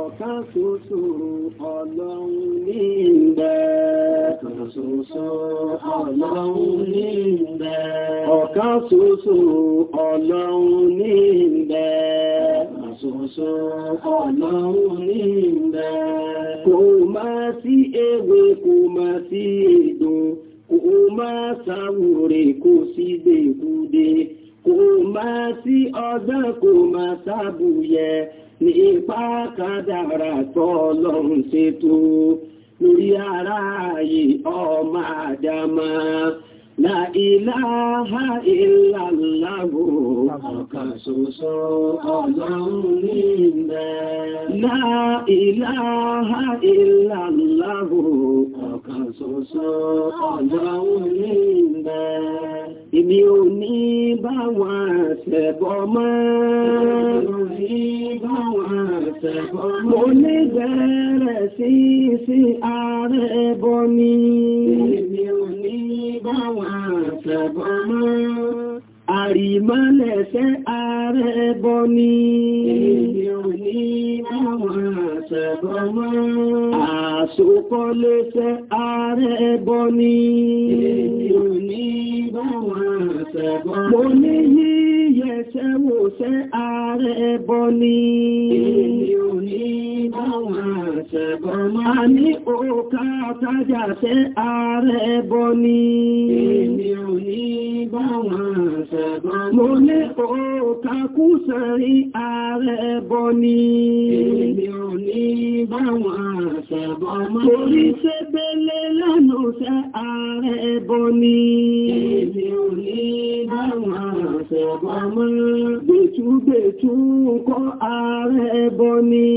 ọ̀kan ṣoṣo ọlọ́run ní ìbẹ̀. ọ̀kan ṣoṣo ọlọ́run ní ìbẹ̀. kò má sí ewé kò má sí èdò kò má sáwòrè kò sí gbèkúdé kò má sí ọgbọ́n kò má sábùyẹ ní ipá kádàrà tọ́lọ́run ṣètò lórí ara ayé ọmọ àdámá La ìláhà ìlàláwò ọ̀kan ṣoṣo ọlọ́run ní ìbẹ̀. La ìláhà ìlàláwò ọ̀kan ṣoṣo ọlọ́run ní ìbẹ̀. Ibi ò ní bá wà ṣẹ̀bọ̀ mọ́. Mo ní bẹ̀rẹ̀ sí sí ààrẹ bọ́ ni. Ibi ò bá wà ṣẹ̀bọ̀ mọ́ àrìmọ́lẹ̀ṣẹ́ ààrẹ bọ́ ní ìrìnlẹ̀ bá wà ṣẹ̀bọ̀ mọ́ àṣòkọ́lẹ́ṣẹ́ ààrẹ bọ́ ní ìrìnlẹ̀ bá wà ṣẹ̀bọ̀ mọ́ ṣẹ́wò ṣẹ́ ààrẹ bọ ní. Èmi ò ní báwọn àṣẹ̀bọ̀ máa. A ní òkà tájà ṣẹ́ ààrẹ bọ ní. Èmi ò ní báwọn àṣẹ̀bọ̀ máa. Mo ní òkà kú sẹ́rí ààrẹ bọ ní. Èmi ò ní báwọn àṣẹ̀bọ̀ máa. Mo rí ṣébélé lẹ́nu ṣẹ́ ààrẹ bọ ní. Èmi ò ní báwọn àṣẹ̀bọ̀ máa. Bẹ́túbẹ̀tú nǹkan ààrẹ ẹbọ ni.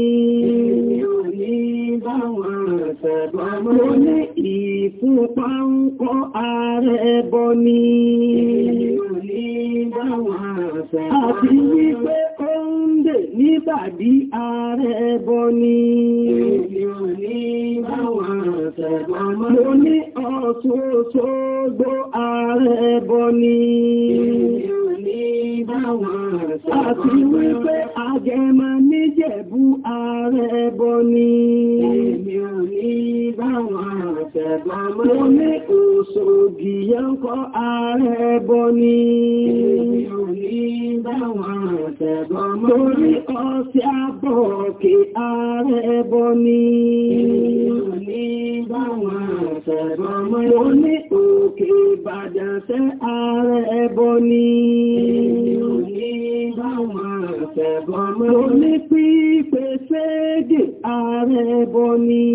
Mo ní ìfúnpá nǹkan ààrẹ ẹbọ ni. Àti wípé ó ń dè níbàdí ààrẹ ẹbọ ni. Mo ní ọ̀ṣun Òṣogbo ààrẹ ẹbọ ni. Àti wípé àjẹmà níjẹ̀bú ààrẹ bọ ni. Èmi ò ní báwọn àṣẹ̀bọ̀ mọ́. Mo ní Òṣògì yánkọ́ ààrẹ bọ ni. Èmi ò ní báwọn àṣẹ̀bọ̀ mọ́. Torí ọ̀sẹ̀ àbọ̀kì ààrẹ bọ ni. Èmi ò ní báwọn àṣẹ̀bọ̀ mọ́. Mo ní Òkè Ìbàdàn sẹ́ ààrẹ bọ ni. Èmi ní bá wọn àtẹ̀bọ̀ mọ́. Mo ní pípé sédè ààrẹ bọ́ ní.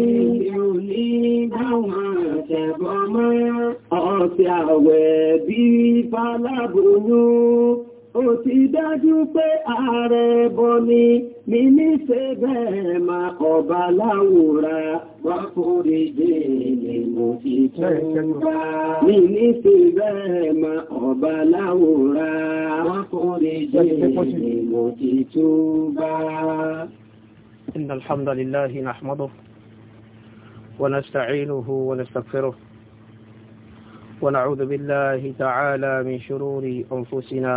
Èdè ò ní bá wọn àtẹ̀bọ̀ mọ́. àwẹ̀ bí faláboyún. ó ti dájú pé ààrẹ bọ́ ni mi ní ṣe bẹ́ẹ̀ máa ọba láwòrá wá kórè jẹ́ ilé mo ti tún bá mi ní ṣe bẹ́ẹ̀ máa ọba láwòrá wá kórè jẹ́ ilé mo ti tún bá. إن الحمد لله نحمده ونستعينه ونستغفره ونعوذ بالله تعالى من شرور أنفسنا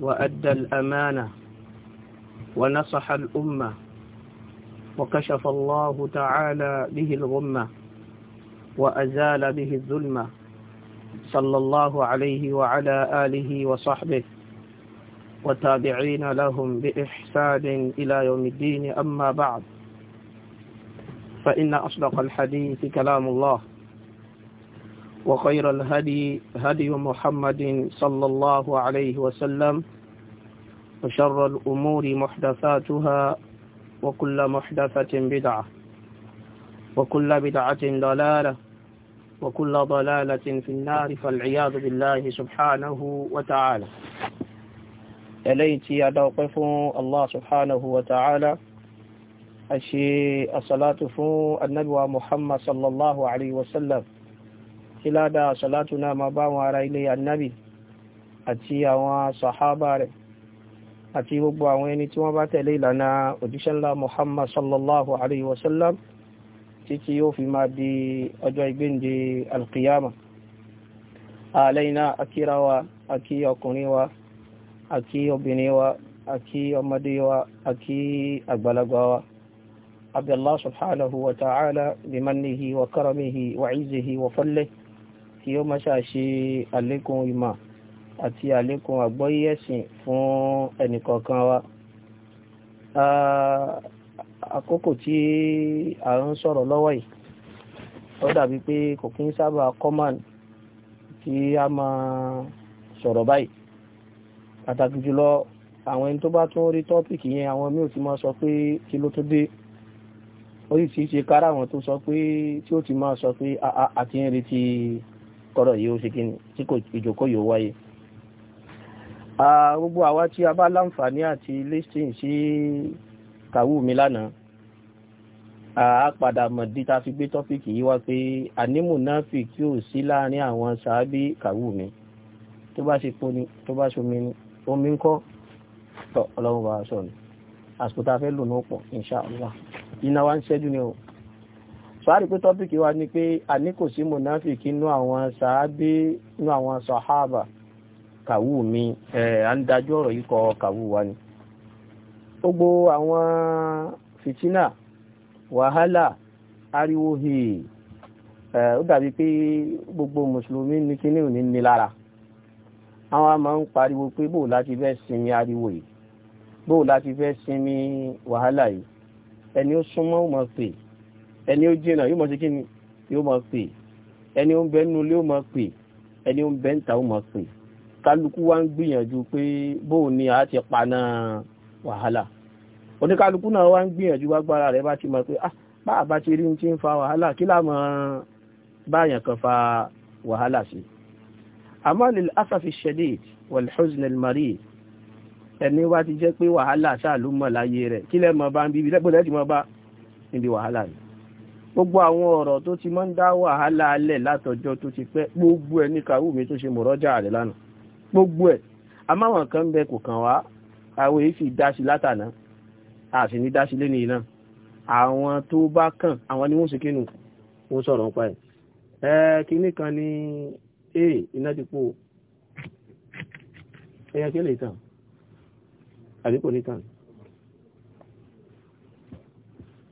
وأدى الأمانة ونصح الأمة وكشف الله تعالى به الغمة وأزال به الظلمة صلى الله عليه وعلى آله وصحبه وتابعين لهم بإحسان إلى يوم الدين أما بعد فإن أصدق الحديث كلام الله وخير الهدي هدي محمد صلى الله عليه وسلم وشر الأمور محدثاتها وكل محدثة بدعة وكل بدعة ضلالة وكل ضلالة في النار فالعياذ بالله سبحانه وتعالى إليتي أدوقف الله سبحانه وتعالى أشي أصلاة فو النبوى محمد صلى الله عليه وسلم kí ládàá sọ̀látù náà máa bá àwọn ará ilé annabi àti àwọn sàhábà rẹ̀ àti gbogbo àwọn ẹni tí wọ́n bá tẹ̀lé ìlànà òdíṣẹ́lá muhammad sallallahu alaihi wasallam títí yóò fi máa di ọjọ́ ìgbéǹde alkiyama àlẹ́yìnà akíra wa ọkùnrin wa àkí obìnrin wa àkí ọmọdé wa àkí àgbàlagbà wa abdullahi subhanahu wa ta'ala bimanihi wa karamihi wa kí ó máa ṣàṣe àlékún ìmọ̀ àti àlékún àgbọ́yé ẹ̀sìn fún ẹnìkọ̀ọ̀kan wa àkókò tí a ń sọ̀rọ̀ lọ́wọ́ yìí ó dàbí pé kò kí ń sábà kọ́màn tí a máa sọ̀rọ̀ báyìí pàtàkì jùlọ àwọn ẹni tó bá tún rí tọ́pìkì yẹn àwọn mí ò ti máa sọ pé kí ló tó dé ó sì ti ṣe kára àwọn tó sọ pé tí ó ti máa sọ pé àti ń retí kọ́rọ̀ yìí ó ṣe kí ni tí kò ìjókòó yóò wáyé gbogbo àwa tí a bá láǹfààní àti listing sí kàwú mi lánàá a padà mọ̀ dí ta fi gbé tọ́fíìkì yìí wá pé ànímù náà fi kí ò sí láàrin àwọn sàábí kàwú mi tó bá ṣe poni tó bá ṣe omi ń kọ́ ọlọ́run bá a sọ̀rọ̀ àsìkò tá fẹ́ lò náà pọ̀ inṣàlá iná ń ṣẹ́jú ni o sọ́árì pé tọ́pìkì wa ni pé àní kò sí mùnáfìkì nú àwọn sàábé nú àwọn sàhábà kàwú mi ẹ̀ à ń dájú ọ̀rọ̀ yìí kàwú wa ni gbogbo àwọn fìtínà wàhálà ariwo hì ẹ̀ ó dàbí pé gbogbo mùsùlùmí ní kíní ò ní ní lára àwọn a ń pariwo pé bóò láti fẹ́ sinmi ariwo yìí bóò láti fẹ́ sinmi wàhálà yìí ẹni ó súnmọ́ mọ̀ pé ẹni ó jìnà yóò máa ṣe kí ni yóò máa pè ẹni ó ń bẹ nínú ilé ó máa pè ẹni ó ń bẹ níta ó máa pè kálukú wá ń gbìyànjú pé bóun ni a ti paná wàhálà oníkálukú náà wá ń gbìyànjú gbágbára rẹ̀ bá ti mọ̀ pé ah bá a bá ti rí ti ń fa wàhálà kí láàmú báyàn kan fa wàhálà sí àmọ́ lil asafi shadid wal huzn ẹni wá ti jẹ́ pé wàhálà ṣáà ló mọ̀ láyé rẹ̀ kí lẹ́mọ̀ bá ń bíbi lẹ́gbẹ̀ẹ́ lẹ́tì mọ́ bá níbi wàhálà yìí gbogbo àwọn ọ̀rọ̀ tó ti máa ń dá wàhálà alẹ̀ látọjọ́ tó ti pẹ́ gbogbo ẹ̀ ní kàwú mi tó ṣe mọ̀rọ́jà rẹ̀ lánàá gbogbo ẹ̀ amáwọn kan ń bẹ kò kàn wá àwọn èyí sì dá sí látànà àti ní dá lé ní iná àwọn tó bá kàn àwọn ni wọ́n ṣe kínú wọ́n sọ̀rọ̀ pa ẹ̀ ẹ̀ kínní kan ní ee iná dípò ẹ̀yà kí lè tàn àdípò ní tàn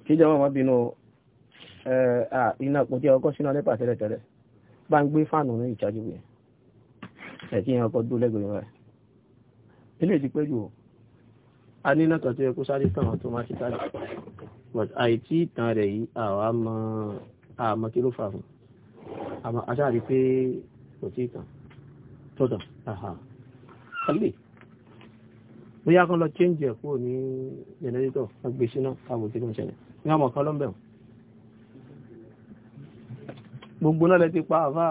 kí jẹ́ bínú Eh, ah, iná kò jẹ́ ọkọ́ síná lẹ́pà tẹ́lẹ̀tẹ́lẹ̀ bá ń gbé fáànù ní ìchájú rẹ̀ ẹ̀kí yẹn ọkọ̀ dó lẹ́gbẹ̀ẹ́ rẹ̀ ilé ti pẹ́jù o a ní iná kan tó yẹ kó sáré tàn automatically but àìtí ìtàn rẹ̀ yìí àwa mọ àmọ́ kí ló fà fún àmọ́ aṣáàrí pé kò tí ìtàn tó àhà kálí bóyá kan lọ change ẹ̀ kúrò ní generator agbésínà àbòtí ló ń ṣẹlẹ̀ ní àmọ̀ kan lọ́mbẹ̀rún gbogbo náà lẹ́ti pa àfà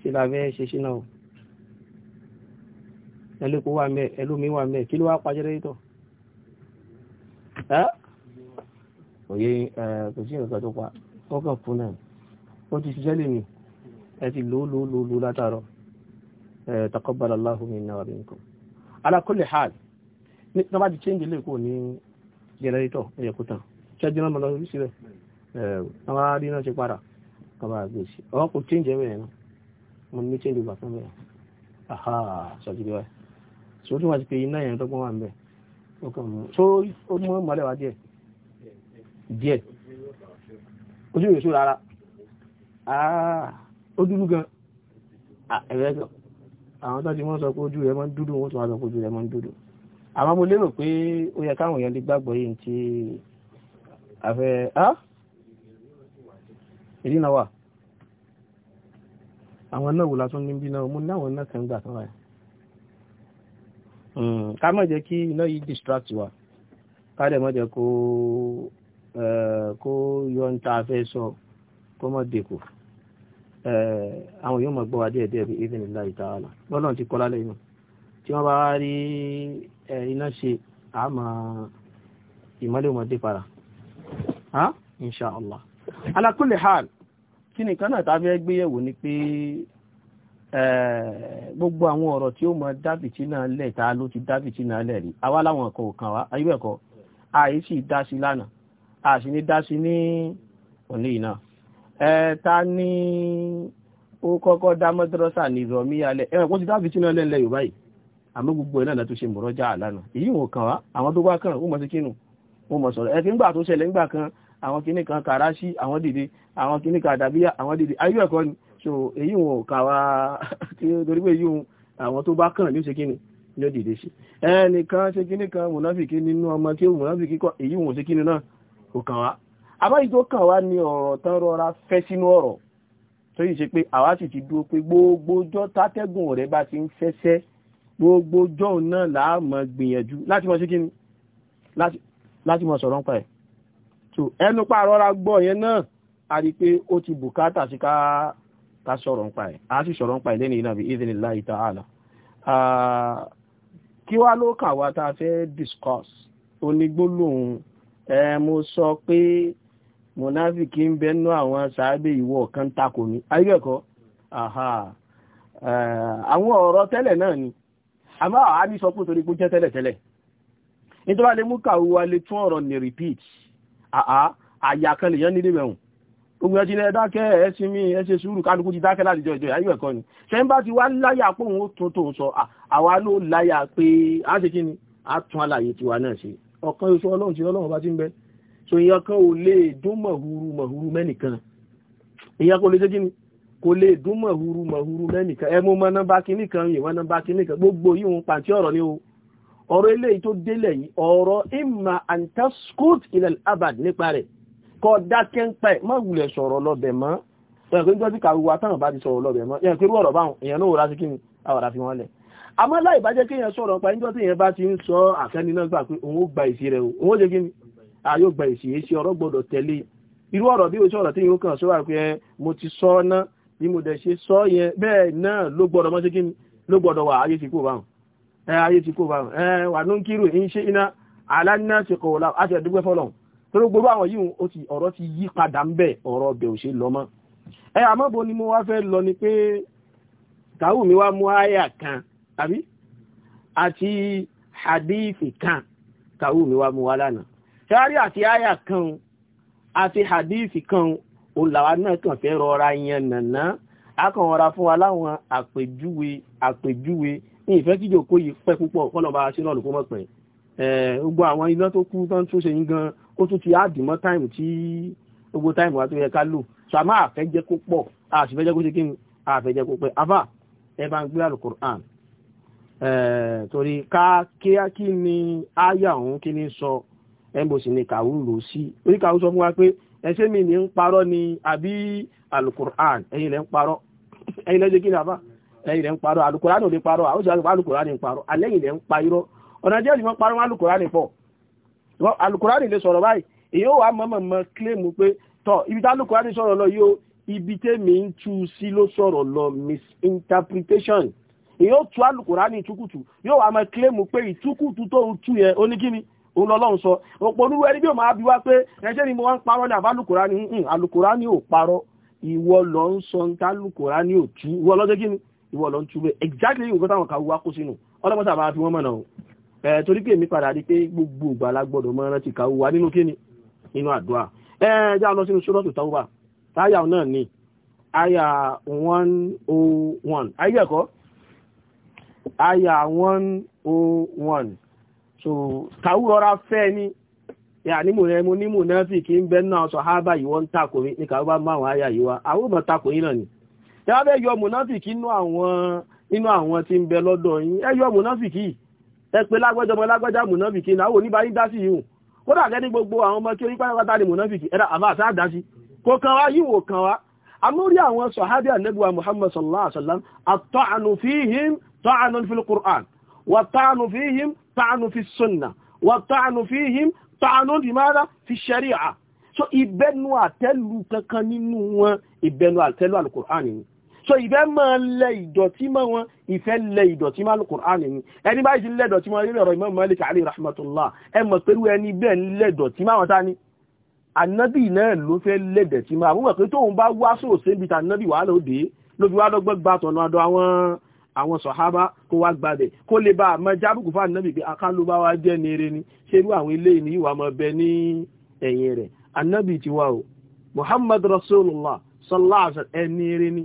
kí la fẹ́ ṣe ṣínà o ẹlẹ́kọ̀ọ́ wà mẹ́ ẹlómi wà mẹ́ kí ló wá pa jẹ́rẹ́tọ̀ òye kò sí nǹkan tó pa ọkàn fún náà ó ti ṣiṣẹ́ lè mi ẹ ti lò látàrọ taqabbalallahu minna wa minkum ala hal ní tọ́bá ti change lè kò ní jẹ́rẹ́tọ̀ ẹ̀yẹ̀kú tán ṣẹ́jú náà lọ sí rẹ̀ àwọn arí náà ṣe padà kọba àgbèsì ọ kò change ẹ̀mẹ̀ ẹ̀nà mo ní change ìgbà fún bẹ́ẹ̀ aha ṣàjúdí wa ṣe ó tún wá sí pé iná yẹn tọ́gbọ́n wà ń bẹ̀ ọkọ̀ so ó mú mọ́lẹ̀ wá díẹ̀ díẹ̀ ojú ìrèsó rárá ó dúdú gan ẹ̀rẹ́ gan àwọn tó ti mọ́ sọ pé ojú rẹ̀ mọ́ dúdú wọ́n tún wá sọ pé ojú rẹ̀ mọ́ dúdú àwọn mo lérò pé ó yẹ káwọn èèyàn lè gbàgbọ́ yìí ti afẹ́ á èyí náà wà àwọn náà wò látún ní bí náà mú ní àwọn náà kan gbà tán wáyé hmm, ká má jẹ́ kí iná yìí distract wa ká dẹ̀ má jẹ́ kó kó yọ ń ta afẹ́ sọ kó má dèkò àwọn yóò mọ̀ gbọ́ díẹ̀ díẹ̀ bí even ilá ìtaàlà lọ́nà ti kọ́lá lẹ́yìn tí wọ́n bá rí iná ṣe àmọ́ ìmọ́lẹ̀ ọmọdé para ha insha Allah ala kulli kini kan ta fi gbe yewu ni pe eh gbogbo awon oro ti o ma david china le ta lo ti david china le ri awa lawon ko kan wa ayi be ko a yi si dasi lana a si ni dasi ni oni ina eh ta ni o koko da madrasa ni zo mi ale eh ti david china le le yo bayi amo ina na to se moroja lana yi won kan wa awon to wa kan o mo wọ́n mọ̀ sọ̀rọ̀ ẹ̀kí ńgbà tó ṣẹlẹ̀ ńgbà kan àwọn kìíní kan kàráṣí àwọn dìde àwọn kìíní kan àdàbíyà àwọn dìde ayé ẹ̀kọ́ ni so èyí wọn ò kà wá torí pé yíwọn àwọn tó bá kàn ní ó ṣe kíni ní ó dìde sí ẹnìkan ṣe kíní kan mùnáfìkì nínú ọmọ tí ó mùnáfìkì kọ èyí wọn ò ṣe kíni náà kò kàn wá abáyí tó kàn wá ní ọ̀rọ̀ tán rọra fẹ́ sínú ọ̀rọ̀ tó yìí ṣe pé àwa sì ti dúró pé gbogbo tátẹ́gùn rẹ̀ bá ti ń fẹ́sẹ́ gbogbo náà làá mọ̀ gbìyànjú láti mọ̀ sí kíni láti láti mọ̀ sọ̀rọ̀ pa ẹ̀ so ẹnu pààrọ̀ ra gbọ́ yẹn náà a rí pé ó ti bùkátà sí ká sọ̀rọ̀ pa a sì sọ̀rọ̀ pa ẹ̀ lẹ́nu ìlànà bi-idhnillahi ta'ala kí wá ló kà wá tá a fẹ́ discuss onígbólóhùn ẹ mo sọ pé mùnáfíkì ń bẹnu àwọn sàábé ìwọ kan takò ní ayẹ́kọ́ àwọn ọ̀rọ̀ tẹ́lẹ̀ náà ni àmọ́ àá sọ pé torí pé jẹ́ tẹ́lẹ̀ tẹ́lẹ̀ nítorí wà lè mú kàwé lè tún ọ̀rọ̀ ní repeat àyà kan lè yán nílé mẹ́hùn ogun ẹjí lẹ dákẹ́ ẹ̀ẹ́sí mi ẹ̀ṣe sùúrù kálukú ti dákẹ́ láti jọ ayé ẹ̀kọ́ ni ṣe ń bá ti wá láyà pé òun ó tún tóun sọ àwa ló láyà pé a ṣe kí ni a tún àlàyé tiwa náà ṣe ọ̀kan oṣù ọlọ́run ti ọlọ́run bá ti ń bẹ so ìyẹn kan ò lè dún mọ̀húrú mọ̀húrú mẹ́nìkan ìyẹn kò lè ṣe kí ni kò lè dún mọ̀húrú mọ̀húrú mẹ́nìkan ẹ mú mọ́ nọ́mbà kínní kan yìí mọ́ nọ́mbà kínní gbogbo yìí òun pàǹtí ọ̀rọ̀ ni o ọ̀rọ̀ eléyìí tó délẹ̀ yìí ọ̀rọ̀ imma antaskut ilal abad nípa rẹ̀ kọ dákẹ́ ń pẹ́ má wulẹ̀ sọ̀rọ̀ lọ́bẹ̀ mọ́ ẹ̀yàn pé níjọ́ tí kàrúwà táwọn bá ti sọ̀rọ̀ lọ́bẹ̀ mọ́ ẹ̀yàn pé irú ọ̀rọ̀ báwọn èèyàn náà wò láti kíni àwàrà fi wọ́n lẹ̀ àmọ́ láì bá jẹ́ kí èèyàn sọ̀rọ̀ pa níjọ́ tí èèyàn bá ti ń sọ àfẹ́ni náà gbà pé òun ó gba èsì rẹ̀ òun ó jẹ́ kíni àyò gba èsì èsì ọ̀rọ̀ gbọ́dọ̀ tẹ̀lé irú ọ̀rọ̀ bí oṣù ọ̀rọ̀ tí yóò kàn sọ wà pé mo ti sọ ọ́ ná bí mo dẹ̀ ṣe sọ yẹn bẹ́ẹ̀ náà ló gbọ́dọ̀ mọ́ sí kíni ló gbọ́dọ̀ wà ayé ti kú báwọn ayé ti kó bá wà ní kírò ń ṣe iná aláìná ti kọ̀ ọ̀la àti ẹ̀dúgbẹ́ fọ́lọ̀hún torí gbogbo àwọn yìí ó ti ọ̀rọ̀ ti yí padà ń bẹ̀ ọ̀rọ̀ ọbẹ̀ òṣè lọ́mọ́ ẹ àmọ́bọ̀ ni mo wá fẹ́ lọ ni pé kàwù mi wá mú àyà kan tàbí àti hadithi kan kàwù mi wá mú wá lánàá ṣáárí àti àyà kan àti hadithi kan olàwà náà kàn fẹ́ rọra yẹn nàná akàn rọra fún wa láwọn àpèjúwe àpèjúwe ìfẹ́ kíjò kó yìí pẹ́ púpọ̀ kọ́lọ̀bá ṣe lọ́nà kó mọ̀ pẹ̀ gbogbo àwọn iná tó kú tán tún ṣe yín gan ó tún ti àdìmọ́ táìmù tí gbogbo táìmù wa tó yẹ ká lò ṣàmá àfẹ́ jẹ́ kó pọ̀ àṣì fẹ́ jẹ́ kó ṣe kí ni àfẹ́ jẹ́ kó pẹ́ afá ẹ bá ń gbé alukur'an torí ká kí á kí ni áyà òun kí ni sọ ẹ bó sì ni kàwú lò sí orí kàwú sọ fún wa pé ẹṣẹ́ mi ní ń parọ́ ni àbí alukur'an ẹ̀yin lẹ́ ń parọ́ ẹ̀yin lẹ́ ṣe kí ni afá ẹ̀yin lẹ́ ń parọ́ alukùránì ò lè parọ́ àwọn òṣèlú alukùránì ń parọ́ alẹ́yìn ń pa irọ́ ọ̀nà jẹ́ ìmọ̀ parọ́ alukùránì pọ̀ alukùránì lè sọ̀rọ̀ báyìí èyí ó wà mọ̀mọ̀ pé ibi tá alukùránì sọ̀rọ̀ lọ yóò ibi tẹ́mi ń tu sí ló sọ̀rọ̀ lọ misinterpretation èyí ó tu alukùránì ìtukùtù yóò wà mọ̀ kílèmù pé ìtukùtù tó ń tu yẹn sọ òpó ẹni bí o máa bí wá pé ni mo wá ń parọ́ ní àbálùkùránì alùkùránì ìwọ lọ ń túbẹ̀ exactly nǹkan táwọn kàwé wá kó sínú ọlọ́pàá bá fi wọ́n mọ̀nà o ẹ̀ torí pé èmi padà rí pé gbogbo ìgbà lágbọ́dọ̀ mọ́ rántí kàwé wá nínú kíni nínú àdúrà ẹ̀ já lọ sínú sọ́dọ̀tù tàwùbà táyà náà ni àyà 101 ayé ẹ̀kọ́ àyà 101 so kàwé rọra fẹ́ ni yàní mò ní mò ní mò náà fi kí ń bẹ́ náà sọ hábà yìí wọ́n ń takò ní kàwé bá máwọn àyà yìí wá ni ẹ wá fẹ́ yọ mùnáfìkì inú àwọn inú àwọn tí ń bẹ lọ́dọ̀ yín ẹ yọ mùnáfìkì ẹ pé lágbẹ́jọ ọmọ lágbẹ́já mùnáfìkì náà wò níbàá yín dá sí yìí ó dà gẹ́ ní gbogbo àwọn ọmọ kí orí pátápátá ni mùnáfìkì ẹ̀rọ àbá àti àdásí kò kan wá yìí wò kan wá amórí àwọn sọ̀hábí ànẹ́bùwà muhammad sallallahu alaihi wasallam àtọ́ànù fíhìm tọ́ànù fi al-Qur'an so ìfẹ́ máa lẹ ìdọ̀tí mọ́ wọn ìfẹ́ lẹ ìdọ̀tí mọ́ Al-Qur'an ni ẹni báyìí ti lẹ́dọ̀tí mọ́ lórí ọ̀rọ̀ Imam Malik alayhi rahmatullah ẹ mọ̀ pẹ̀lú ẹni bẹ́ẹ̀ ń lẹ́dọ̀tí mọ́ àwọn tání ànábì náà ló fẹ́ lẹ́dẹ̀tí mọ́ àwọn pé tóun bá wá sóòsè níbi tànábì wàhálà òde ló fi wá lọ́gbọ́n gba tọ̀nà àdọ̀ àwọn àwọn sọ̀hábá kó wá gbàbẹ̀ kó lè bá àmọ́ jábùkù fún ànábì pé akáló wá jẹ́ ní eré ni ṣerú àwọn ilé ìní ìwà mọ̀ ní ẹ̀yìn rẹ̀ ànábì ti wá o Muhammad Rasulullah sallallahu alaihi wasallam ẹni eré ni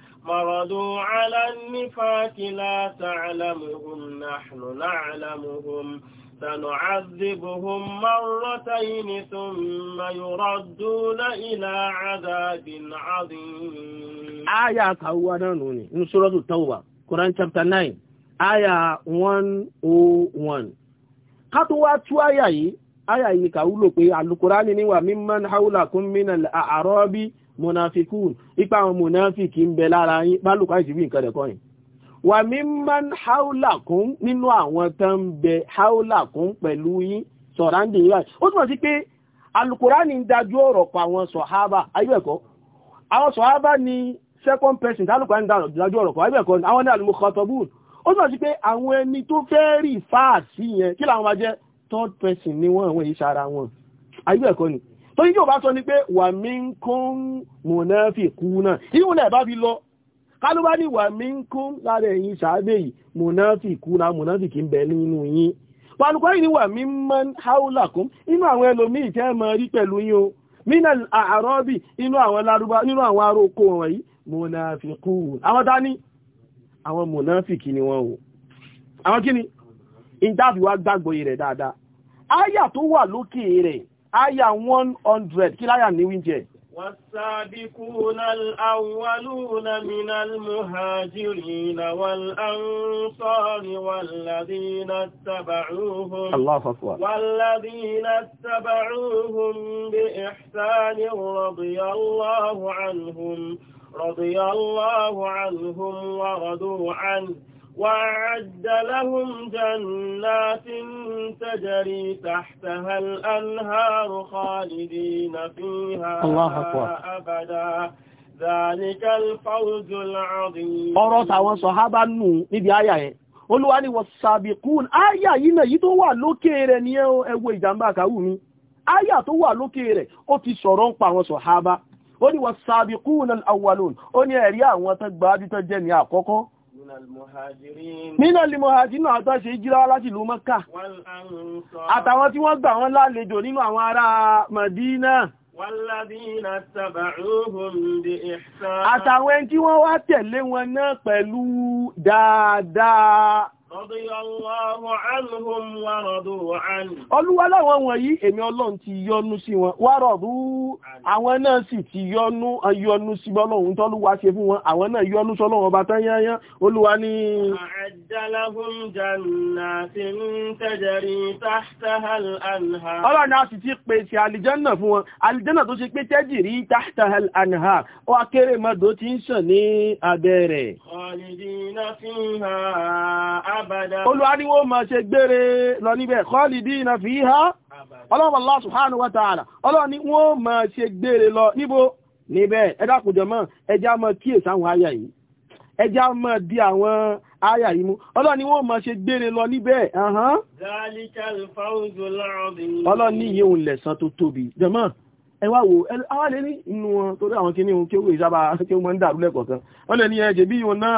مرضوا على النفاق لا تعلمهم نحن نعلمهم سنعذبهم مرتين ثم يردون إلى عذاب عظيم آية كوانا نوني من التوبة Quran chapter 9 آية 101 kátówá tú àyà yìí àyà yìí kàwúlò pé Al-Qur'ani ni wà mimman hawlakum minal a'rabi munafikun ipa àwọn munafiki ń bẹ lára yín bálùkọ́ àìsí bí nǹkan ẹ̀kọ́ yìí wà mí man haulakun nínú àwọn tó ń bẹ haulakun pẹ̀lú yín sọ̀ráǹdì yín báyìí ó túmọ̀ sí pé alukurani pa àwọn sọ̀hábà ayé ẹ̀kọ́ àwọn sọ̀hábà ni second person tálùkọ́ ń dájú ọ̀rọ̀ pa ayé ẹ̀kọ́ àwọn ní al-mukhatabun ó túmọ̀ sí pé àwọn ẹni tó fẹ́ rí fáàsì yẹn kí làwọn máa third person ni wọ́n àwọn èyí sára wọn ayé ni ó ní tí ò bá sọ ní pé wà mí ń kún mùnáfìkúnà ìhun lẹ̀ bá fi lọ kálú bá ní wà mí ń kún lára ẹ̀yin sàábẹ̀ yìí mùnáfìkúnà mùnáfìkì ń bẹ nínú yín pàlùkọ́ yìí ni wà mí mọ́ haúlà kún inú àwọn ẹlòmíì tẹ́ mọ rí pẹ̀lú yín o mínà àárọ́bì inú àwọn lárúbá nínú àwọn aróko wọ̀nyí mùnáfìkún àwọn dání àwọn mùnáfìkì ni wọ́n o àwọn kí ni ìdáàbí wa gbàgbọ́ rẹ̀ dáadáa áyà tó wà lókè rẹ̀ àyà one hundred kí láyà ní wíńjẹ. والسابقون الأولون من المهاجرين والأنصار والذين اتبعوهم الله أكبر رضي الله عنهم رضي الله عنهم ورضوا عنه وأعد لهم جنات تجري تحتها الأنهار خالدين فيها الله أكبر أبدا ذلك الفوز العظيم ọ̀rọ̀ tàwọn sọ̀hábà nù níbi àyà ẹ̀ olúwa ni wọ́n sàbìkún àyà yìí náà yìí tó wà lókè rẹ̀ ní ẹwọ́ ìjàmbá àkàwù mi àyà tó wà lókè rẹ̀ ó ti sọ̀rọ̀ ń pa àwọn sọ̀hábà ó ní wọ́n sàbìkún al-awwalun ó ní ẹ̀rí àwọn tó gbáájú tó jẹ́ ní àkọ́kọ́ nínú alìmọ̀hájínà àtọ́ ṣe jíra láti ìlú Mọ́kà àtàwọn tí wọ́n gbà wọ́n lálejò nínú àwọn ará Màdínà àtàwọn tí wọ́n wá tẹ̀lé wọn náà pẹ̀lú dáadáa Olúwa láwọn wọ̀nyí èmi Ọlọ́run ti yọ́nú sí wọn, wá rọ̀rú àwọn náà sì ti yọ́nú ayọ́nú sí Ọlọ́run tó lúwa ṣe fún wọn, àwọn náà yọ́nú sọ́lọ́run bá tán yányán, Olúwa ní. Àjálàhùn jàǹnà sí ń tẹ́jẹ̀rí táhtàhàl àǹhà. Ọlọ́run a sì ti pèsè àlìjánà fún wọn, àlìjánà tó ṣe pé tẹ́jìrí olùwáríwó ma ṣe gbére lọ níbẹ̀ khalidina fiha ọlọ́run Allah subhanahu wa ta'ala ọlọ́run ni wọ́n ma ṣe gbére lọ níbo níbẹ̀ ẹ dákun jọmọ́ ẹjá mọ́ kíyèsí àwọn àyà yìí ẹjá mọ́ di àwọn àyà yìí mú ọlọ́run ni wọ́n ma ṣe gbére lọ níbẹ̀ ọlọ́run ní yíò lẹ̀san tó tóbi jọmọ́ ẹ wá wò ní inú wọn torí àwọn kíní ohun kí ó sábà ó mọ́ ń dàrú lẹ́kọ̀ọ̀kan wọ́n lè ní ẹjẹ̀ bí yóò náà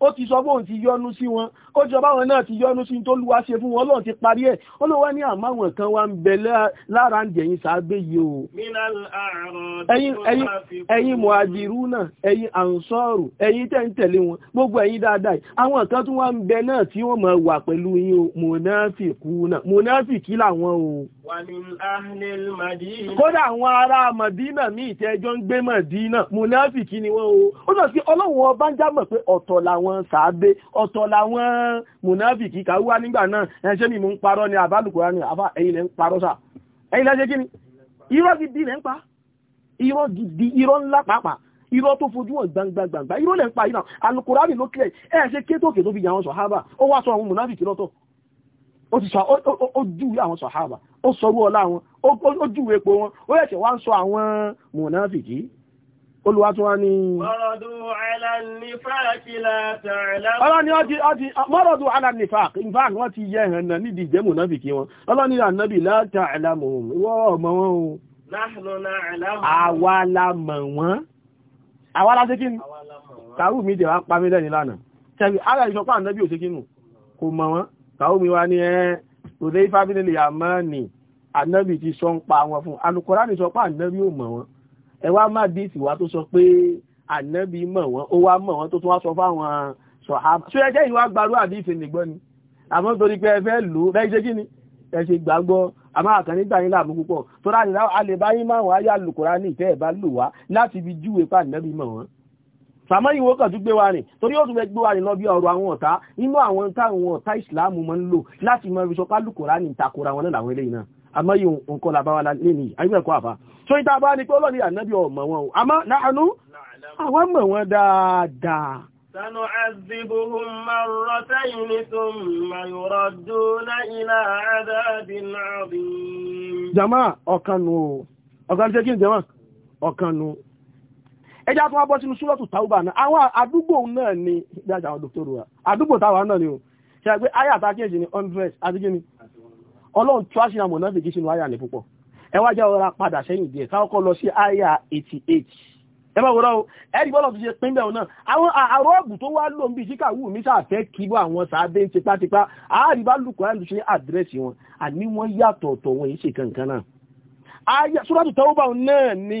ó ti sọ bóun ti yọnu sí wọn ó ti sọ báwọn náà ti yọnu sí tó lúwa ṣe fún wọn ọlọ́run ti parí ẹ̀ olówó ní àmáwọn kan wá ń bẹ lára ń jẹ̀yìn sàábé yìí o ẹ̀yin mọ̀hàjìrú náà ẹ̀yin ànsọ́rù ẹ̀yin tẹ́ ń tẹ̀lé wọn gbogbo ẹ̀yin dáadáa yìí àwọn kan tún wá ń bẹ náà tí wọ́n máa wà pẹ̀lú yín o mùnáfìkú náà mùnáfìkí làwọn o kódà àwọn ará mọ̀dínà ní ìtẹ́jọ́ ń gbé mọ̀dínà mùnáfìkì ni wọ́n o ó sọ sí ọlọ́run ọba ń jámọ̀ pé ọ̀tọ̀ làwọn sàábé ọ̀tọ̀ làwọn mùnáfìkì kàwúwá nígbà náà ẹ̀ṣẹ́ mi mú ń parọ́ ni àbálùkùrá ni àbá ẹ̀yin lẹ́ ń parọ́ sà ẹ̀yin lẹ́ṣẹ́ kí ni irọ́ gidi lẹ́ ń pa irọ́ gidi irọ́ ńlá pàápàá irọ́ tó fojú hàn gbangbangba irọ́ lẹ́ ń pa yìí náà alukùrá ló kílẹ̀ ẹ̀ ṣe ó ti sọ ó júwe àwọn sọ̀hábà ó sọrú ọlá wọn ó júwe epo wọn ó yẹ̀ṣẹ̀ wá ń sọ àwọn mùnáfìkì olùwà tó wá ní ọlọ́ni mọ́rọ̀dù alánifàk ìfàk wọ́n ti yẹ ẹ̀hànnà nídìí jẹ́ mùnáfìkì wọn ọlọ́ni ànábì látà àlámọ̀hùn wọ́n ọmọ wọn o àwa la mọ̀ wọ́n kí ni kàrù ànábì ò ṣe kí nù kò mọ̀ Naomi wa ni ẹ́ òde ìfábílẹ̀ yàmánì ànábì ti sọ ń pa wọn fún Al-Kùránì sọ pé ànábì ò mọ̀ wọn ẹ wá má dí ìsìwá tó sọ pé ànábì mọ̀ wọn ó wá mọ̀ wọn tó tún wá sọ fáwọn sọ̀hábà tó yẹ jẹ́ ìwà gbarú àdìsí nìgbọ́n ni ni ẹ ṣe gbàgbọ́ àmọ́ àkàn nígbà yín láàmú púpọ̀ pa ànábì sàmọ́ ìwò kan tún gbé wa rìn torí ó tún fẹ́ gbé wa rìn lọ bí ọ̀rọ̀ àwọn ọ̀tá nínú àwọn táwọn ọ̀tá ìsìláàmù máa ń lò láti mọ ìṣọ́ pálùkùrá ní ìtakora wọn láwọn eléyìí náà àmọ́ yìí nǹkan làbáwá lé ní àyíkẹ́kọ̀ọ́ àbá tó ìta bá ní pé ọlọ́ni ànábì ọmọ wọn o àmọ́ láàánú àwọn mọ̀ wọn dáadáa سنعذبهم مرتين ثم يردون إلى عذاب عظيم جماعة ọ̀kan nù ẹjá tó wá bọ́ sínú súrọ́tù tàúbà náà àwọn àdúgbò náà ni ìgbàjà àwọn dòkítọ́rù wa àdúgbò táwa náà ni o ṣe àgbé ayé àtàkìyèsí ni hundred àti gíní ọlọ́run tó àṣìyàn mọ̀ náà fèkì sínú ayé àní púpọ̀ ẹ wá jẹ́ ọ̀rá padà sẹ́yìn díẹ̀ káwọn kọ́ lọ sí ayé eighty eight ẹ bá wòrán o ẹ̀rí bọ́lọ̀ tó ṣe pín bẹ́ẹ̀ náà àwọn àrọ́ọ̀bù tó wá lò ń bí síkà wù mí sàfẹ́ kí bọ́ àwọn sàádé ń tipátipá àárí bá lùkọ́ ẹ̀ ló ṣe àdírẹ́sì wọn àní wọ́n yàtọ̀ ọ̀tọ̀ wọn yìí ṣe kankan náà. Súrọ́tù Tawbah náà ni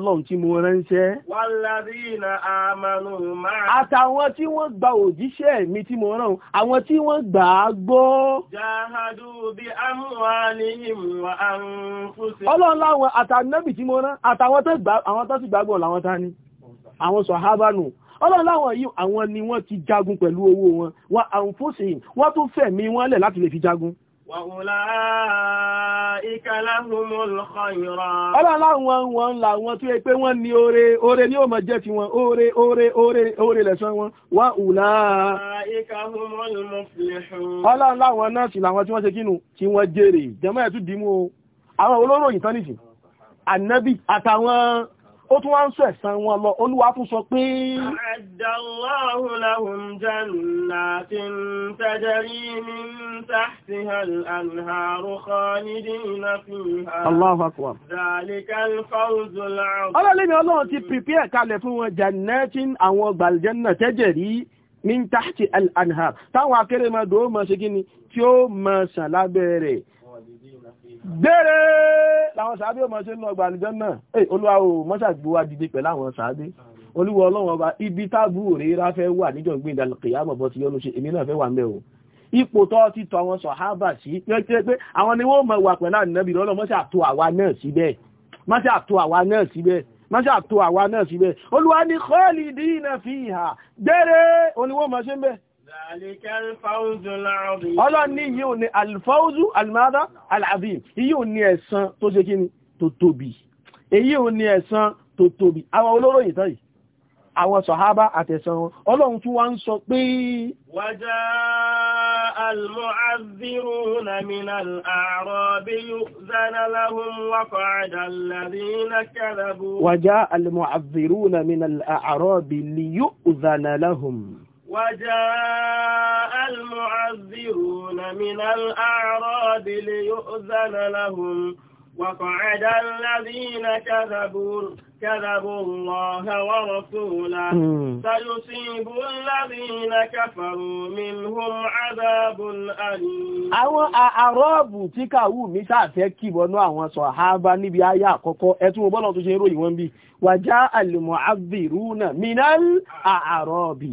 ọlọ́run tí mo ránṣẹ́. wàlàdínà àmàlù máa. àtàwọn tí wọ́n gba òjíṣẹ́ mi tí mo rán àwọn tí wọ́n gbà á gbọ́. jahadu bí amúhanihim wa anfusihim. ọlọ́run láwọn àtànẹ́bì tí mo rán àtàwọn tó sì gbàgbọ́ làwọn ta ni àwọn sọ̀hábánù ọlọ́run láwọn yìí àwọn ni wọ́n ti jagun pẹ̀lú owó wọn wa anfusihim wọ́n tún fẹ̀mí wọn lẹ̀ láti lè fi jagun. Ọlọ́láwọn wọn làwọn tó yẹ pé wọ́n ní oore, oore ni ó máa jẹ́ ti wọn, oore, oore, oore, oore lẹ̀san wọn, wá ùlá. Ọlọ́láwọn náà sì làwọn tí wọ́n ṣe kínú, tí wọ́n jèrè, jẹmọ́ ẹ̀tú dìímú àwọn olóròyìn tán nìsìn, ànábì ó tún wá ń sọ ẹ̀san wọn lọ olúwa tún sọ pé A'addallahu lahum jannatin tajri min tahtiha al-anharu khalidina fiha Allahu akbar zalikal fawzul azim ọlọ́lẹ́mi ọlọ́run ti prepare kalẹ̀ fún wọn jannatin àwọn gbàlìjẹ́nà tajri min tahti al-anhar táwọn akérèmọdò mọ̀ ṣe kí ni tí ó mọ̀ sàn lábẹ́ rẹ̀ gbére làwọn sàábé ọmọ ṣe ń lọ gbàlùjọ́ náà ẹ olúwa o mọ́ṣàgbó wa dìde pẹ̀lú àwọn sàábé olúwa ọlọ́run ọba ibi tábù òrèrà fẹ́ wà níjọ́ gbé ìdàlùkìyà bọ̀bọ̀ ti yọ́nu o ipò tó ti tọ àwọn sọ̀hábà sí pé àwọn ni wọ́n mọ̀ wà pẹ̀lú ànìyàn lọ́lọ́ mọ́ṣà tó àwa náà síbẹ̀ mọ́ṣà tó àwa náà síbẹ̀ mọ́ṣà tó àwa náà fiha gbére oníwọ́n mọ̀ ṣe Ọlọ́run ní yíò ní alfáúzù almada al'azim, yíò ní ẹ̀san tó ṣe kí ni tó tóbi. Èyí ò ní ẹ̀san tó tóbi. Àwọn olóròyìn tán yìí, àwọn sọ̀hábá àtẹ̀san wọn. Ọlọ́run tún wá ń sọ pé wàjá almu'azziruna minal a'rabi yu'zana lahum wa qa'ada alladhina kadhabu. وجاء المعذرون من الأعراب ليؤذن لهم وقعد الذين كذبوا كذبوا الله ورسوله سيصيب الذين كفروا منهم عذاب أليم àwọn àrọ́ọ̀bù tí kàwù mi sáàfẹ́ kí wọnú àwọn sọ̀hábá níbi ayé àkọ́kọ́ ẹ̀tún ọgbọ́nà tó ṣe ròyìn wọn bí wàjá àlùmọ̀ àbìrúnà mìíràn àrọ́ọ̀bì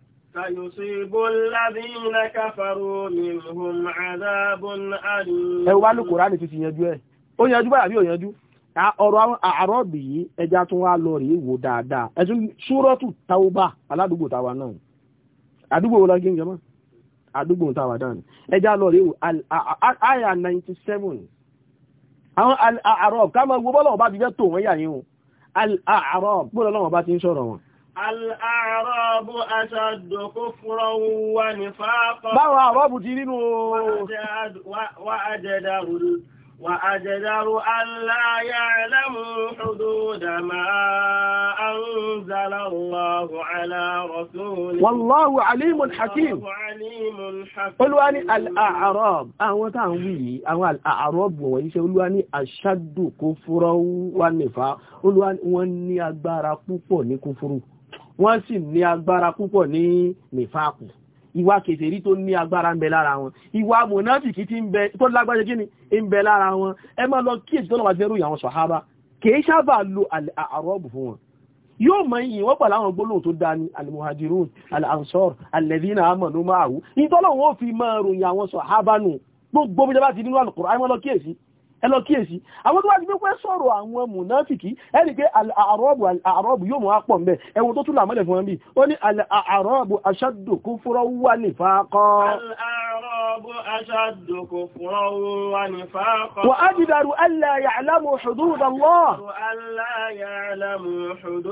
سيصيب الذين كفروا منهم عذاب أليم ẹ wá ní Kùránì ti fi yanjú ẹ̀ ó yanjú báyà bí ó yanjú ọ̀rọ̀ àrọ́bì yìí ẹja tún wá lọ rèé wò dáadáa ẹ̀tún ṣúrọ́tù Tawba aládùúgbò táwa náà àdúgbò wọn lọ́gí ìjọba àdúgbò táwa dáadáa ẹja lọ rèé wò àyà 97 àwọn àrọ́bì ká máa gbọ́ bá ti fẹ́ tò wọ́n yà yín o àrọ́bì gbọ́dọ̀ lọ́wọ́ bá ti ń sọ̀rọ̀ wọn Al'arabu aṣàdò kó fúnra wa ní fáfá. Báwọn àrọ́bù ti nínú wa ajẹ́dàrú wa ajẹ́dàrú aláyà lẹ́mú ṣùdúdà máa ń zàlá Allahu ala rasúlì. Wallahu alimun hakim. Olúwa ní al'arab, àwọn tá ń wí yìí, àwọn al'arab wọ̀nyí ṣe olúwa ní aṣàdò kó fúnra wa ní fáfá. Olúwa wọ́n ní agbára púpọ̀ ní kúfúrú wọ́n sì ní agbára púpọ̀ ní nìfàkù ìwà kèfèrí tó ní agbára ń bẹ lára wọn ìwà mọ̀náfìkì tó lágbájẹ́ kí ni ń bẹ lára wọn ẹ máa lọ kí èsì tó lọ́wọ́ fẹ́rù àwọn sọ̀hábà kìí sábà lo àrọ́bù fún wọn yóò mọ iyì wọ́n pàlá àwọn gbólóhùn tó dání al-muhajirun al-ansar alladhina amanu ma'ahu ẹ lọ kíyèsí àwọn tó wá ti pé pẹ́ sọ̀rọ̀ àwọn mùnáfìkì ẹni pé àrọ́bù àrọ́bù yóò mọ́ pọ̀ mẹ́ ẹwọ tó tún làmọ́lẹ̀ fún ẹbí ó ní àrọ́bù ashaddu kufran wa nifaqan wa ajdaru alla ya'lamu hudud Allah hudud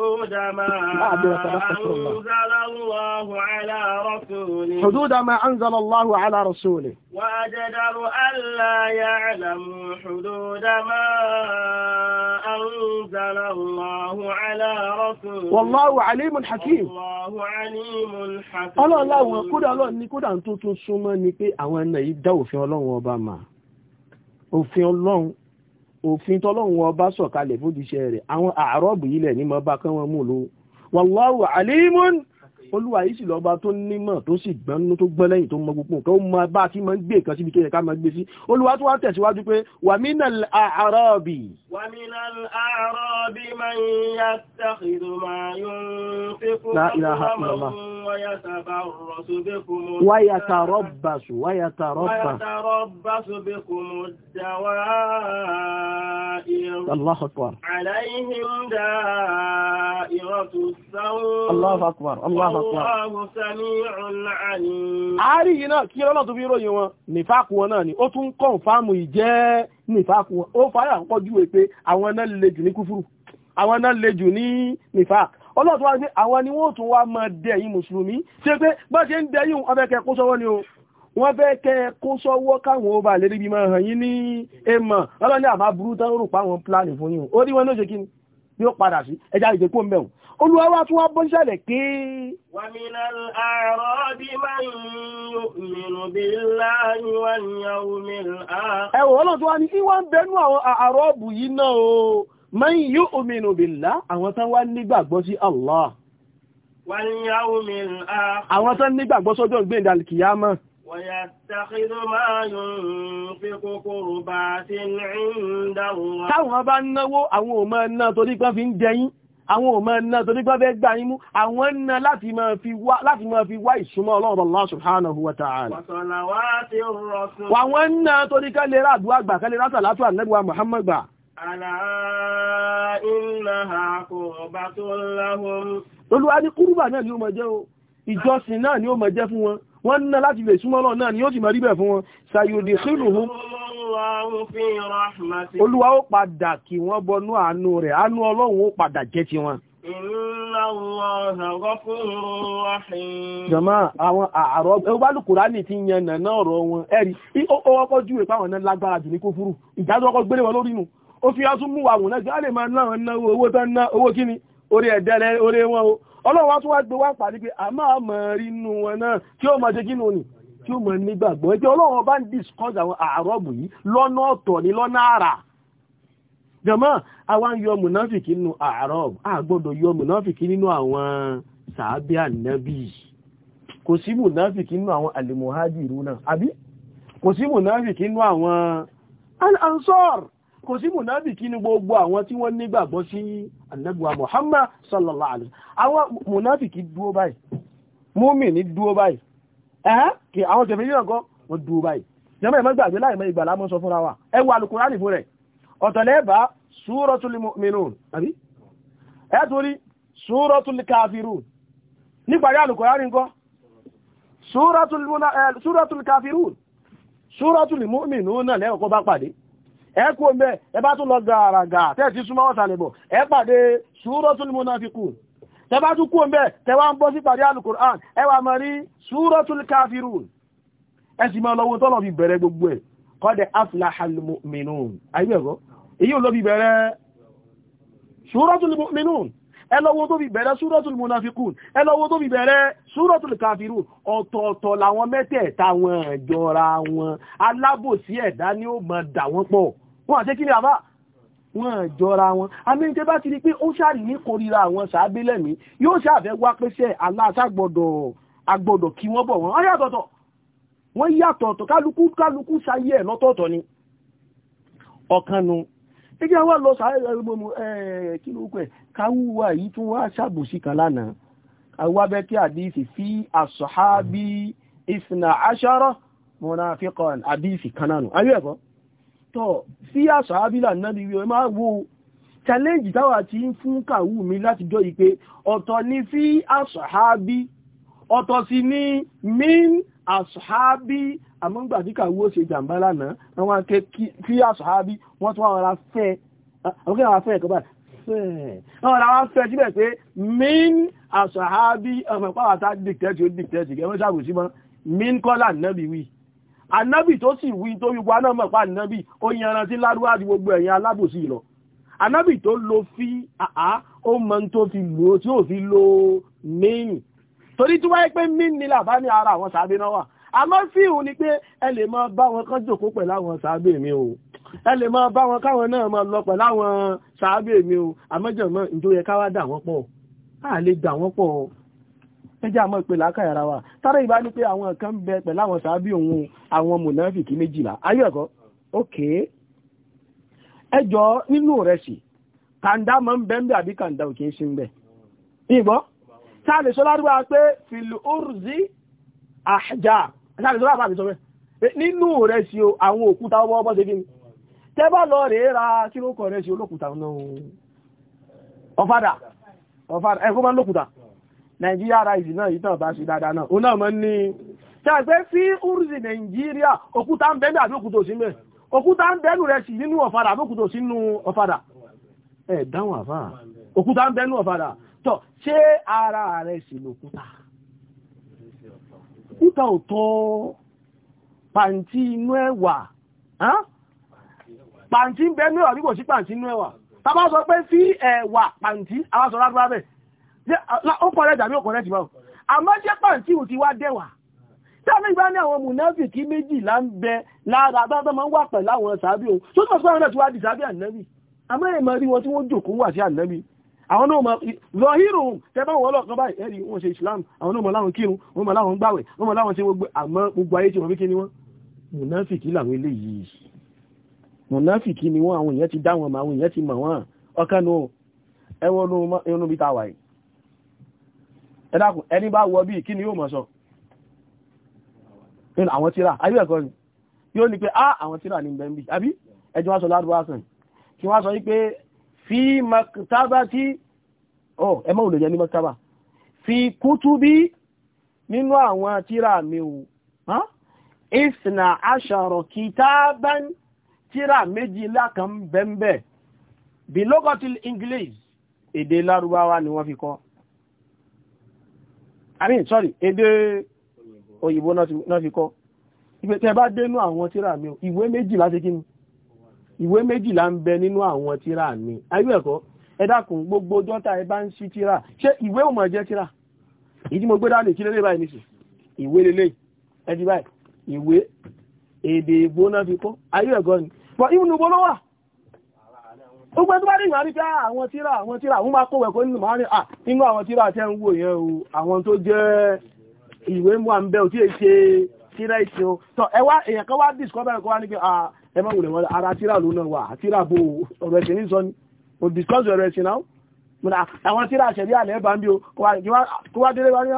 حدود ما أنزل الله على رسوله والله عليم حكيم والله عليم حكيم ọlọ́run láwọn kódà ọlọ́run ní kódà tó tún súnmọ́ ni pé àwọn ẹ̀nà yìí dá òfin ọlọ́run ọba mà òfin ọlọ́run òfin tọ́lọ́run ọba sọ̀kalẹ̀ fódìṣẹ́ rẹ̀ àwọn àárọ̀bù yìí lẹ̀ ní mọ́ bá kán wọn mú lò wallahu alimun olúwa yìí sì lọ́ba tó nímọ̀ tó sì gbọ́nú tó gbọ́n lẹ́yìn tó mọ gbogbo nǹkan ó mọ bá ti máa ń gbé nǹkan síbi tó yẹ ká máa gbé sí olúwa tó wá tẹ̀síwájú pé wàmínà àárọ̀bì. wàmínà àárọ̀bì máa ń yá ويتربص ويتربص بكم الدوائر الله أكبر عليهم دائرة السوء الله أكبر الله أكبر الله سميع عليم àárí náà kí ọlọ́nà tó fi ròyìn wọn nífàkù wọn náà ni ó tún kọ̀ǹfàmù ìjẹ́ nífàkù wọn ó fàyà ń pọ́jú wé ọlọ́tún wá ní àwọn ni wọ́n tún wá máa dẹ̀yìn mùsùlùmí ṣe pé bá ṣe ń dẹ̀yìn wọ́n fẹ́ kẹ́ kó sọ́wọ́ ni o wọ́n fẹ́ kẹ́ kó sọ́wọ́ káwọn ọba lè ríbi máa hàn yín ní èèmọ̀ ọlọ́ni àmà burú tán rò pa àwọn fún yín ó rí wọn ló ṣe man yu'minu billah àwọn tán wá nígbàgbọ́ sí Allah wal yawmil akhir àwọn tán nígbàgbọ́ sọ́jọ́ ìgbéǹdà kìyàmá وَيَتَّخِذُ مَا يُنْفِقُ قُرُبَاتٍ عِنْدَ اللَّهِ táwọn bá náwó àwọn ò máa ná torí pé fi ń jẹyìn àwọn ò máa ná torí pé fẹ́ gbà yín mú àwọn ná láti máa fi wá ìsúnmọ́ ọlọ́run Olúwa ní kúrúbà náà ni ó mọ̀ jẹ́ o, ìjọsìn náà ni ó mọ̀ jẹ́ fún wọn, wọ́n ń ná láti lè súnmọ́ Ọlọ́run náà ni ó sì mọ̀ rí bẹ̀ fún wọn, ṣàyòdì sílùú. Olúwa ó padà kí wọ́n bọnú àánú rẹ̀, àánú Ọlọ́run ó padà jẹ́ ti wọn. Jọ̀mọ́ ó fi ọtún mú àwọn a máa náà náwó owó tán ná owó kíni orí ẹ̀dẹ́rẹ́ orí wọn o pe a máa mọ̀ rí inú wọn náà kí ó ṣe kí ni kí ó máa nígbàgbọ́ ẹgbẹ́ ọlọ́run bá ń discuss àwọn àrọ́bù yìí lọ́nà ọ̀tọ̀ ní lọ́nà àrà jọmọ́ àwọn yọ mùnáfìkì nínú a gbọ́dọ̀ yọ mùnáfìkì nínú àwọn sàábí ànábì kò sí mùnáfìkì àwọn àbí kò sí àwọn kò sí mùnáfìkí ní gbogbo àwọn tí wọ́n nígbàgbọ́ sí ànábìwa Muhammad sallallahu alaihi àwọn mùnáfìkí dúó báyìí mùmínì dúó báyìí ẹ́ kí àwọn tẹ̀fẹ̀ yìí nǹkan wọ́n dúó báyìí jẹ́mọ́ ẹ̀mọ́ gbàgbé láì mọ́ ìgbà lámọ́ sọ fúnra wa ẹ wo alukurani fún rẹ̀ ọ̀tọ̀lẹ́bà Suratul Mu'minun àbí ẹ torí Suratul Kafirun níparí alukurani ńkọ́ eh, Suratul Kafirun Suratul Mu'minun náà lẹ́kọ̀ọ́ bá pàdé ẹ kú omi ẹ bá tún lọ gàràgà tẹ́ẹ̀tì súnmọ́ wọ́sàlẹ̀bọ̀ ẹ pàdé Suratul Munafiqun tẹ bá tún kú omi tẹ wá ń bọ́ sí pàdé Al-Qur'an ẹ wà mọ̀ rí Suratul Kafirun ẹ sì máa lọ́wọ́ tọ́lọ̀ fi bẹ̀rẹ̀ gbogbo ẹ̀ qad aflahal mu'minun ayé ẹ̀kọ́ èyí ò lọ fi bẹ̀rẹ̀ Suratul Mu'minun ẹ lọ́wọ́ tó fi bẹ̀rẹ̀ Suratul Munafiqun ẹ tó fi bẹ̀rẹ̀ Suratul Kafirun ọ̀tọ̀ọ̀tọ̀ làwọn mẹ́tẹ̀ẹ̀ta wọn jọra wọn alábòsí ẹ̀dá ni ó máa dà wọ́n pọ̀ wọ́n àti kí ni àbá wọ́n jọra wọn amíntẹ́ bá ti rí pé ó ṣàrí ní kórìíra àwọn sàábélẹ̀mí yóò ṣàfẹ́ wá pẹ́sẹ́ aláṣàgbọ̀dọ̀ agbọ̀dọ̀ kí wọ́n bọ̀ wọ́n wọ́n yàtọ̀tọ̀ wọ́n yàtọ̀tọ̀ kálukú kálukú ṣayé ẹ̀ lọ́tọ̀ọ̀tọ̀ ni ọ̀kanu ẹgbẹ́ wọ́n lọ sàárẹ̀ káwúwà yìí tún wá ṣàbòsí kan lánàá àwọ́ abẹ́ kí àdífì fi àṣọ̀hábí ìsìnà aṣọ́rọ̀ mọ́nà àfíkọ̀ àdífì kanáà nù tọ́ sí àṣà ábílà náàbí wíwẹ́ máa wo challenge táwà tí ń fún kàwù mi látijọ́ yìí pé ọ̀tọ̀ ni fi àṣà ábí ọ̀tọ̀ sí ni min àṣà ábí àmọ́ngbà tí kàwù ó ṣe jàǹbá lánàá àwọn akẹ́ fi àṣà ábí wọ́n tún àwọn afẹ́ ah, min kọ́lá náàbí wí anábì tó sì wí tó yípo aná mọ̀ pa anábì ó yanran tí lárúwá ju gbogbo ẹ̀yìn alábòsí lọ anábì tó lo fi àá ó mọ tó fi lò ó tí ó fi lo mẹ́yìn torí tí wáyé pé mí ni làbá ní ara àwọn sàbẹ̀ náà wà àmọ́ fíhùn ni pé ẹ lè máa bá wọn kán jòkó pẹ̀lú àwọn sàábé mi o ẹ lè máa bá wọn káwọn náà máa lọ pẹ̀lú àwọn sàábé mi o àmọ́jọ̀mọ́ ìjó káwá dà wọ́n pọ̀ a lè dà wọ́n pọ̀ ẹjẹ́ àmọ́ ìpè lákàyàrá wa tára ìbá ní pé àwọn kan bẹ pẹ̀lú àwọn sàábí òun àwọn mùnáfìkì méjìlá ayé ẹ̀kọ́ òkè ẹjọ́ nínú rẹ̀ sì kàńdá máa ń bẹ́ẹ̀ àbí kàńdá òkè ń sin ìgbọ́ sáàlè sọ lárúbá pé fìlú urzi àjà sáàlè sọ lárúbá àbí sọ e, ni tẹ́ bá lọ rèé ra kí ló kọ̀ rẹ̀ sí olókùta náà ọ̀fadà ọ̀fadà ẹ̀kọ́ máa ń lókùta nàìjíríà ráìsì náà yìí tàn bá ṣe dáadáa náà òun náà mọ́ ní ṣàgbé sí urzi nàìjíríà òkúta ń bẹ́ẹ̀ àbí òkúta òsínú ẹ̀ òkúta ń bẹ́ẹ̀nù rẹ̀ sí nínú ọ̀fadà àbí òkúta òsínú ọ̀fadà ẹ̀ dáhùn àfà òkúta ń bẹ́ẹ̀nù ọ̀fadà tọ́ ṣé ara rẹ̀ sì lòkúta kúta ò tọ́ pàǹtí inú ẹ̀wà pàǹtí ń bẹ́ẹ̀nù ẹ̀wà bí kò sí pàǹtí inú ẹ̀wà tá bá sọ pé sí ẹ̀wà pàǹtí àwọn sọ lágbára bẹ́ẹ̀ ó kọ̀rẹ́ tàbí ó kọ̀rẹ́ tìbá àmọ́ jẹ́ pàǹtí ò ti wá dẹ́wà tẹ́lú ìgbà ní àwọn mùnáfìkì méjìlá ń bẹ lára bábá máa ń wà pẹ̀lú àwọn sàábì ohun tó tọ́ sọ́rọ̀ náà ti wá di sàábì ànábì àmọ́ èèmọ̀ rí wọn tí wọ́n jòkó wà sí ànábì àwọn náà mọ̀ lọ́hírò tẹ́bá wọn lọ́kàn báyìí ẹ̀rí wọn ṣe Islam àwọn náà mọ̀ láwọn kírun wọn mọ̀ láwọn gbàwẹ̀ wọn mọ̀ láwọn ṣe gbogbo àmọ́ gbogbo ayé tí wọ́n fi kí ni wọ́n mùnáfìkì làwọn eléyìí mùnáfìkì ni wọ́n àwọn èèyàn ti dá wọn mọ̀ àwọn èèyàn ti mọ̀ wọ́n ọkàn nù ẹwọ́n inú bí ta wà yìí ẹ̀dàkùn ẹni bá wọ bí kí ni yóò mọ̀ sọ nínú àwọn tíra àbí ẹ̀kọ́ ni yóò ní pé ah àwọn tíra ní bẹ̀m̀bì àbí ẹjọ́ wọ́n sọ lárúbáṣàn kí wọ́n sọ wípé fi maktaba tí ọ ẹmọ́ òlè jẹ́ ní maktaba fi kutubi nínú àwọn tíra mi ò ìsìnà aṣàrọ̀ kitaban tíra méjìlá kan bẹ̀m̀bẹ̀ bí lọ́gọ́tìl English èdè lárúbáwá ni wọ́n fi kọ́ I mean sorry èdè òyìnbó náà fi kọ́ ìpè tẹ́ bá dénú àwọn tíra mi ìwé méjìlá ṣe kí ni ìwé méjìlá ń bẹ nínú àwọn tíra mi ayé ẹ̀kọ́ ẹ dákun gbogbo dọ́ta ẹ bá ń sí tíra ṣé ìwé ò mọ̀ jẹ́ tíra ìdí mo gbé dání kí lélẹ́ báyìí nìsí ìwé lélẹ́ ẹdí báyìí ìwé èdè ìgbóná fi kọ́ ayé ẹ̀kọ́ ni but ìwúnú gbólówà gbogbo ẹgbẹ́ rí ìwà rí pé ah, àwọn tíra àwọn tíra àwọn máa kó wẹ̀kọ́ nínú máa rí à nínú ah, àwọn tíra tẹ́ ń wò yẹn o àwọn tó jẹ́ ìwé mú àmbẹ́ òtí èṣe tíra ìṣe o tọ́ ẹwà èèyàn kan wá discover ẹ̀kọ́ wá ní pé ah, ẹ má wùlẹ̀ wọn ara tíra ló náà wà tíra bo ọ̀rọ̀ ẹ̀sìn ní sọ ni o discuss ọ̀rọ̀ ẹ̀sìn náà àwọn tíra àṣẹ̀rí àlẹ́ bá ń bí o kó wá délé wá ní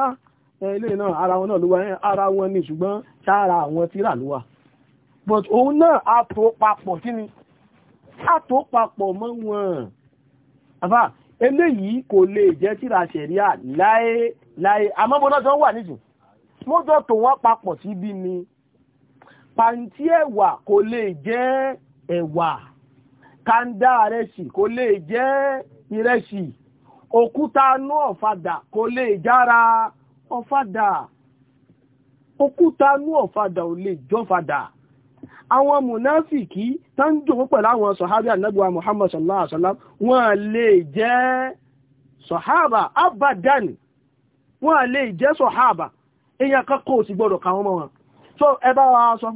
ilé náà ara wọn náà ló wà ara wọn ni ṣùgbọ́n sára àwọn tíra ló wà but òun àtò papọ̀ mọ́ wọn àfà eléyìí kò lè jẹ́ tíra ṣẹ̀ríà láé láé àmọ́ bọ́dọ̀ tó wà nìsù mọ́jọ́ tó wọ́n papọ̀ síbí ni pàǹtí ẹ̀wà kò lè jẹ́ ẹ̀wà kàńdá rẹ̀ṣì kò lè jẹ́ ìrẹsì òkúta inú ọ̀fadà kò lè jára ọ̀fadà òkúta inú ọ̀fadà ò lè jọ́fadà àwọn mùnáfìkì tó ń jòkó pẹ̀lú àwọn sọ̀hábí ànábíwá Muhammad sallallahu alaihi wasallam wọ́n lè jẹ́ sọ̀hábà abadan wọ́n lè jẹ́ sọ̀hábà èyàn kọ́kọ́ sì gbọ́dọ̀ kàwọn mọ́ wọn so ẹ bá wa sọ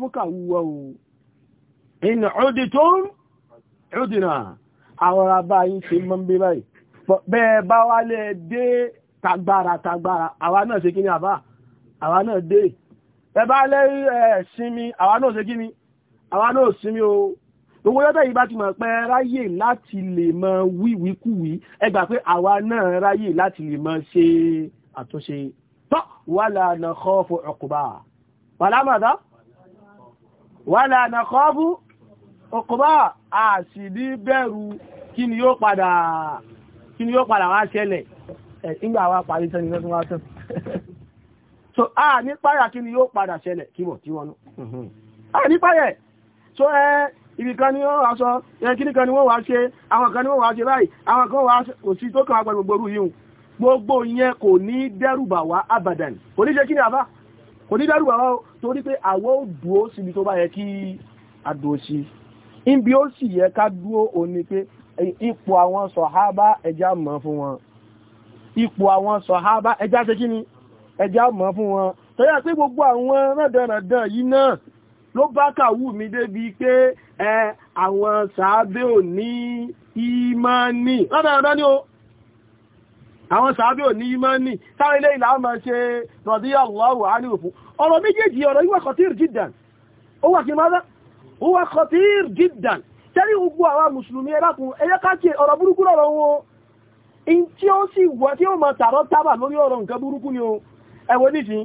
uditum udina àwọn abá yìí ṣe mọ́ bí báyìí bẹ́ẹ̀ bá wá lè dé tagbára tagbára àwa náà ṣe kí ni àbá àwa náà dé lẹ́rí ẹ̀ sinmi àwa náà ṣe kí ni àwa náà sinmi o gbogbo yọ́tọ̀ yìí bá ti mọ̀ pé ráyè láti lè mọ wíwíkúwí ẹ gbà pé àwa náà ráyè láti lè mọ ṣe àtúnṣe tọ́ wàlà nà kọ́ọ̀fù ọkùbà wàlà mọ̀dá wàlà nà kọ́ọ̀fù ọkùbà a sì ní bẹ̀rù kí ni yóò padà wá ṣẹlẹ̀ ìgbà wa parí tẹ́ni lọ́dún wá tán so a ní páyà kí ni yóò padà ṣẹlẹ̀ kíbọ̀ tí wọ́n nú a ní so ẹ eh, ibìkan ni wọ́n wá sọ ẹ̀kíní eh, kan ni wọ́n wá ṣe àwọn kan ni wọ́n wá ṣe báyìí àwọn kan wá òsì tó kàn agbẹ̀rẹ̀ gbogbo yìí gbogbo yẹn kò ní dẹ́rùbà wá abadan kò ní ṣe kí ni àbá kò ní dẹ́rùbà wá torí pé àwọ́ ò dúó síbi tó bá yẹ kí àdúró sí ibi ó sì yẹ ká dúó òní pé eh, ipò àwọn sọ̀hábà ẹja mọ̀ fún wọn ipò àwọn sọ̀hábà ẹja ṣe kí ni ẹja mọ̀ fún wọn tọ́yà pé gbogbo àwọn rẹ̀dẹ̀rẹ̀dẹ̀ yìí náà ló bá kàwú mi débi pé ẹ àwọn sàábé ò ní ìmánì lọ́dọ̀ọ́dọ́ ni ó àwọn sàábé ò ní ìmánì sáré ilé ìlà ọmọ ṣe radiyallahu anhu fún ọ̀rọ̀ méjèèjì ọ̀rọ̀ yíwà khatir jiddan ó wà kí mọ́lá ó wà khatir jiddan tẹ́rí gbogbo àwọn mùsùlùmí ẹlákùn ẹyẹ káàkiri ọ̀rọ̀ burúkú lọ́rọ̀ wọn in tí ó sì wọ́ tí ó mọ̀ tààrọ́ tábà lórí ọ̀rọ̀ nǹkan burúkú ni ó ẹwọ nísìn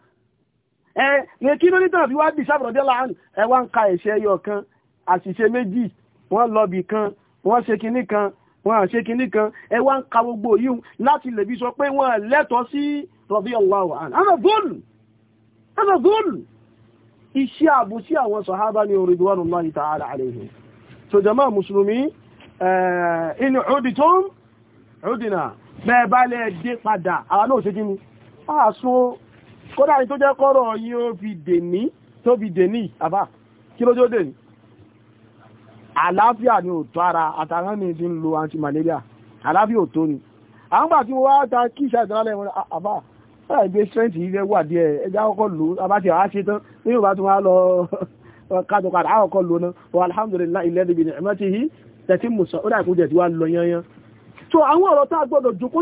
E kí ló ní tàn fi wá bí sábàrọ̀dé láàánú ń ka ẹ̀ṣẹ̀ ẹyọ kan àṣìṣe méjì wọ́n lọ kan wọ́n ṣe kinní kan wọ́n ṣe kinní kan ẹ ń ka gbogbo yìí láti lè fi sọ pé wọ́n lẹ́tọ̀ọ́ sí rọ̀bí ọlọ́wọ́ àná góòlù àná góòlù iṣẹ́ àbò sí àwọn sàhábà ní orí ara so jama musulmi inú ọdí tó kódà ní tó jẹ́ kọ́rọ̀ yìí ó fi dèní tó fi dèní àbá kí ló jó dèní àlàáfíà ni ò tó ara àtàrà ní ti ń lo antimalaria àlàáfíà ò tó ni à ń gbà tí mo wá ta kí ìṣe àtàrà àbá ọ̀rọ̀ ìgbé alhamdulillah alladhi bi ni'matihi tẹ̀sí mùsọ̀ ó so àwọn ọ̀rọ̀ tá a gbọ́dọ̀ jókòó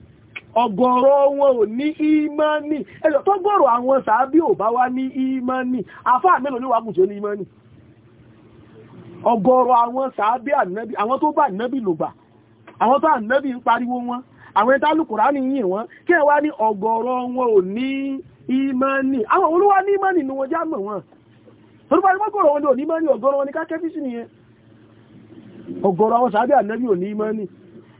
Ọgọrọ wọn ò ní ìmánì ẹ̀sọ̀ tó gbọ́rọ̀ àwọn sàábí ò bá wá ní ìmánì àfáà mélòó ní wàkùn tí ó ní ìmánì ọ̀gọ̀rọ̀ àwọn sàábí ànábì àwọn tó bá ànábì lò wọn àwọn ẹ̀ta ní yìn wọn kí ẹ wá ní wọn ò ní àwọn olúwa ní ni já wọn olúwa ní wọn ò ní wọn ni ká nìyẹn àwọn sàábí ò ní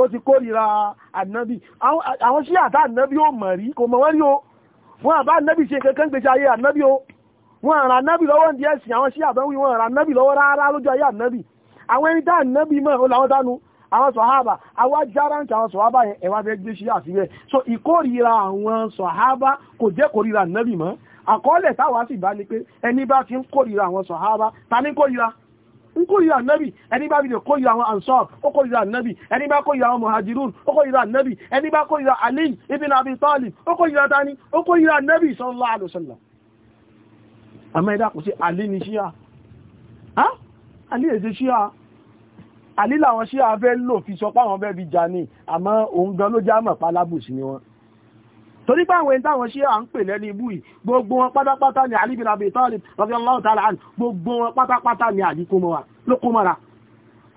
ó ti kórìíra ànábì àwọn sí àtà ànábì ó mọ̀ rí kò mọ̀ wọ́n rí o wọ́n àbá ànábì ṣe kankan gbèsè ayé ànábì o wọ́n àrà ànábì lọ́wọ́ ní ẹ̀sìn àwọn sí àbẹ̀wò wọ́n àrà ànábì lọ́wọ́ rárá lójú ayé ànábì àwọn ẹni tá ànábì mọ̀ ó làwọn dánu àwọn sọ̀hábà àwọn járáǹkì àwọn sọ̀hábà yẹn ẹwà fẹ́ gbé sí àfihẹ́ so ìkórìíra àwọn sọ̀hábà kò jẹ́ kórìíra ànábì mọ́ àkọọ́lẹ̀ táwa sì bá ní pé ẹni bá ti ń kórìíra àwọn sọ̀hábà ta ní kórìíra ń kórìíra ànábì ẹni bá bìí kórìíra àwọn ansar ó kórìíra ànábì ẹni bá kórìíra àwọn muhajirun ó kórìíra ànábì ẹni bá kórìíra ali ibn abi talib ó kórìíra tani ó kórìíra ànábì sallallahu alaihi wasallam àmọ́ ẹ̀dá kò ali ní ṣíà ali èsì ali làwọn ṣíà fẹ́ lò fi sọ páwọn fẹ́ fi jà torí bá àwọn ìdáwọn ṣe à ń pè lẹ́ni ibú yìí gbogbo wọn pátápátá ni Ali bin Abi Talib radiyallahu ta'ala anhu gbogbo wọn pátápátá ni Ali ló kó mọ́ra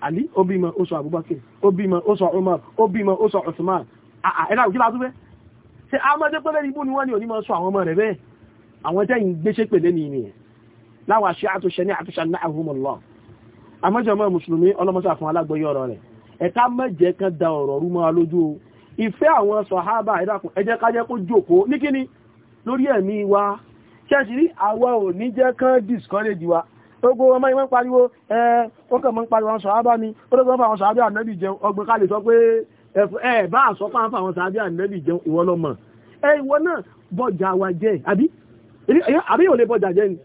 Ali ó bímọ ó sọ Abubakar ó bímọ ó sọ Umar ó bímọ ó sọ Usman ah, ah, ẹ̀dá òkú a mọ́ jẹ́ pé lẹ́ni ibú ni wọ́n ní onímọ̀ sọ àwọn ọmọ rẹ̀ bẹ́ẹ̀ àwọn tẹ́yìn gbéṣẹ́ pè lẹ́ni ìnìyàn láwọn àṣẹ àtúnṣe ní àtúnṣe náà àmọ́jọ́ mọ́ mùsùlùmí ọlọ́mọ́sà fún alágbọ́yọ́ ọ̀rọ̀ rẹ̀ ẹ̀ká mẹ́jẹ̀ kan ìfẹ́ àwọn sọ̀hábà ìdákùn ẹjẹ́ kájẹ́ kó jòkó ní kíni lórí ẹ̀mí wa ṣẹ́ṣì rí àwa ò ní jẹ́ kán discourage wa ogbó ọmọ ìwọ́n pariwo ọkọ̀ ni ológun fún àwọn sọ̀hábà ànẹ́bì jẹun ọgbọ̀n ká lè sọ pé ẹ bá sọ pé àwọn sọ̀hábà ànẹ́bì jẹun ìwọ lọ́mọ ẹ ìwọ náà bọjà wa jẹ́ àbí àbí ò lè bọjà jẹ́ ni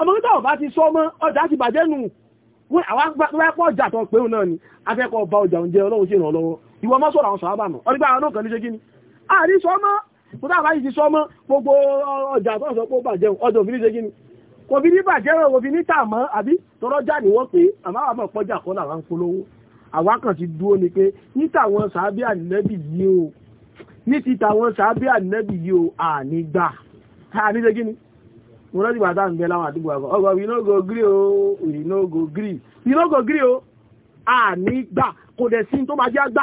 ọmọ tó ọba ti sọ ọmọ ọjà ti bàjẹ́ nù wọ́n àwọn pọ̀ ọjà tó pé òun náà ni afẹ́kọ̀ọ́ ìwọ mọ́ sọ̀rọ̀ àwọn sàábà nù ọdígbà àwọn kan ní ṣe kíni àrí sọmọ́ kó dáàbá yìí ti sọmọ́ gbogbo ọjà tó sọ pé ó bàjẹ́ ọjọ́ òfin ṣe kíni kò fi ní bàjẹ́ kò fi ní tà mọ́ àbí tọrọ já ni wọ́n pé àmọ́ àwọn ọkọjà kọ́ làwọn ń polówó àwa kan ti dúró ni pé ní tàwọn sàábì ànẹ́bì yìí o ní ti tàwọn sàábì ànẹ́bì yìí o àní gbà àní ṣe kíni mo rántí bàtà ń bẹ láwọn àdúgbò àgbà ọgbà we no go gree o we no go gree we no go gree o àní gbà kò dẹ̀ sí tó máa jẹ́ àgbà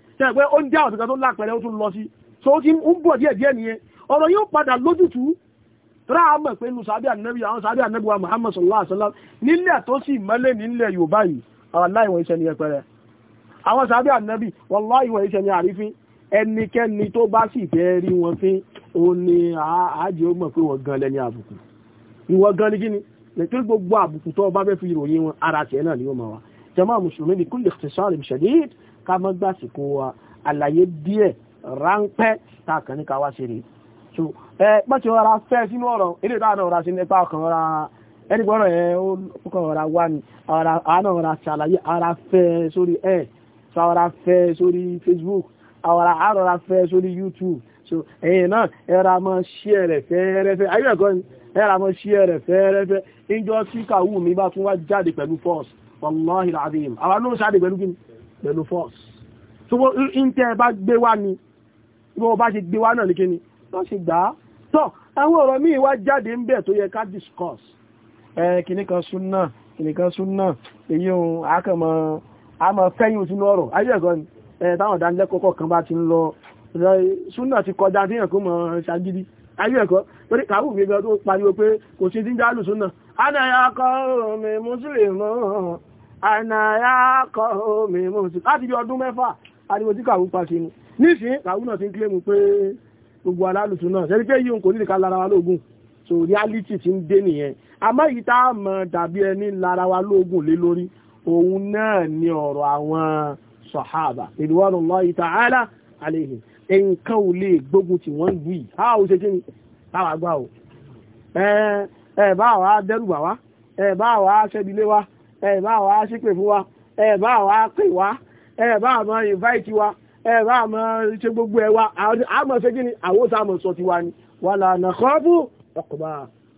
tẹ́gbẹ́ ó ń jẹ́ ọ̀dùnkà tó lápẹẹrẹ ó tún lọ sí so ó ti ń bọ̀ díẹ̀ díẹ̀ nìyẹn ọ̀rọ̀ yóò padà lójútù rá àmọ̀ pé nù sàbí ànẹ́bí àwọn gbogbo àbùkù tó bá fẹ́ fi ìròyìn wọn ara tiẹ̀ náà ni ó mọ̀ wá jama mùsùlùmí bi kulli ikhtisar shadid ká mọ́ gbàsìkò wa àlàyé díẹ̀ ráńpẹ́ tá a kàn ní ká wá ṣe rè so ẹ pọ́tí ọ̀rá fẹ́ sínú ọ̀rọ̀ eré táwọn náà ọ̀rá sí nípa ọkàn ọ̀rá ẹni gbọ́rọ̀ ẹ ó kọ́ ọ̀rá wá ni àwọn ọ̀rá ṣàlàyé ara fẹ́ sórí ẹ̀ so ara fẹ́ sórí Facebook àwọ̀rá àrọ̀rá fẹ́ sórí YouTube so ẹ̀yìn náà ẹra mọ́ ṣí ẹ̀rẹ̀ fẹ́ẹ́rẹ́fẹ́ ayúẹ̀kọ́ ni ẹra mọ́ ṣí ẹ̀rẹ̀ fẹ́ẹ́rẹ́fẹ́ ìjọ tí kàwù mi bá tún wá jáde pẹ̀lú force wallahi alazim àwọn ló ń ṣáde pẹ̀lú gini pẹ̀lú force tó ń tẹ́ ẹ bá gbé wá ni bí wọ́n bá ṣe gbé wá náà ní kíni wọ́n ṣe gbà á tọ́ àwọn ọ̀rọ̀ míì wá jáde ń bẹ̀ tó yẹ ká discuss ẹ kìnnì kan súnà kìnnì kan súnà èyí ohun àkàmọ́ àmọ́ fẹ́yìn sínú ọ̀rọ̀ ayé ẹ̀kọ́ ni táwọn ìdánilẹ́kọ̀ọ́ kan bá ti ń lọ súnà ti kọjá tí èèyàn kó mọ̀ ṣagídí ayé ẹ̀kọ́ torí kàwù gbẹgbẹ tó pariwo pé kò sí díndálù súnà á náà yà kọ́ mi mùsùlùmí ànàyà kọ́ mi mọ̀ sí láti bí ọdún mẹ́fà ariwo tí kàwú pa kìíní nísìn kàwú náà ti ń kílẹ̀mù pé gbogbo alálùsù náà ṣe pé yíò kò ní ìka lára wa lóògùn so reality ti ń dé nìyẹn àmọ́ yìí tá a mọ̀ dàbí ẹni lára wa lóògùn lé lórí òun náà ni ọ̀rọ̀ àwọn sọ̀hábà ridwanullahi ta'ala alayhi nǹkan ò lè gbógun tí wọ́n ń lù yìí a ò ṣe kí ẹ bá wa ṣípè fún wa ẹ bá wa pè wá ẹ bá mọ invite wa ẹ bá mọ ṣe gbogbo ẹ wa àmọ́ ṣe kí ni àwọn tá a sọ tiwa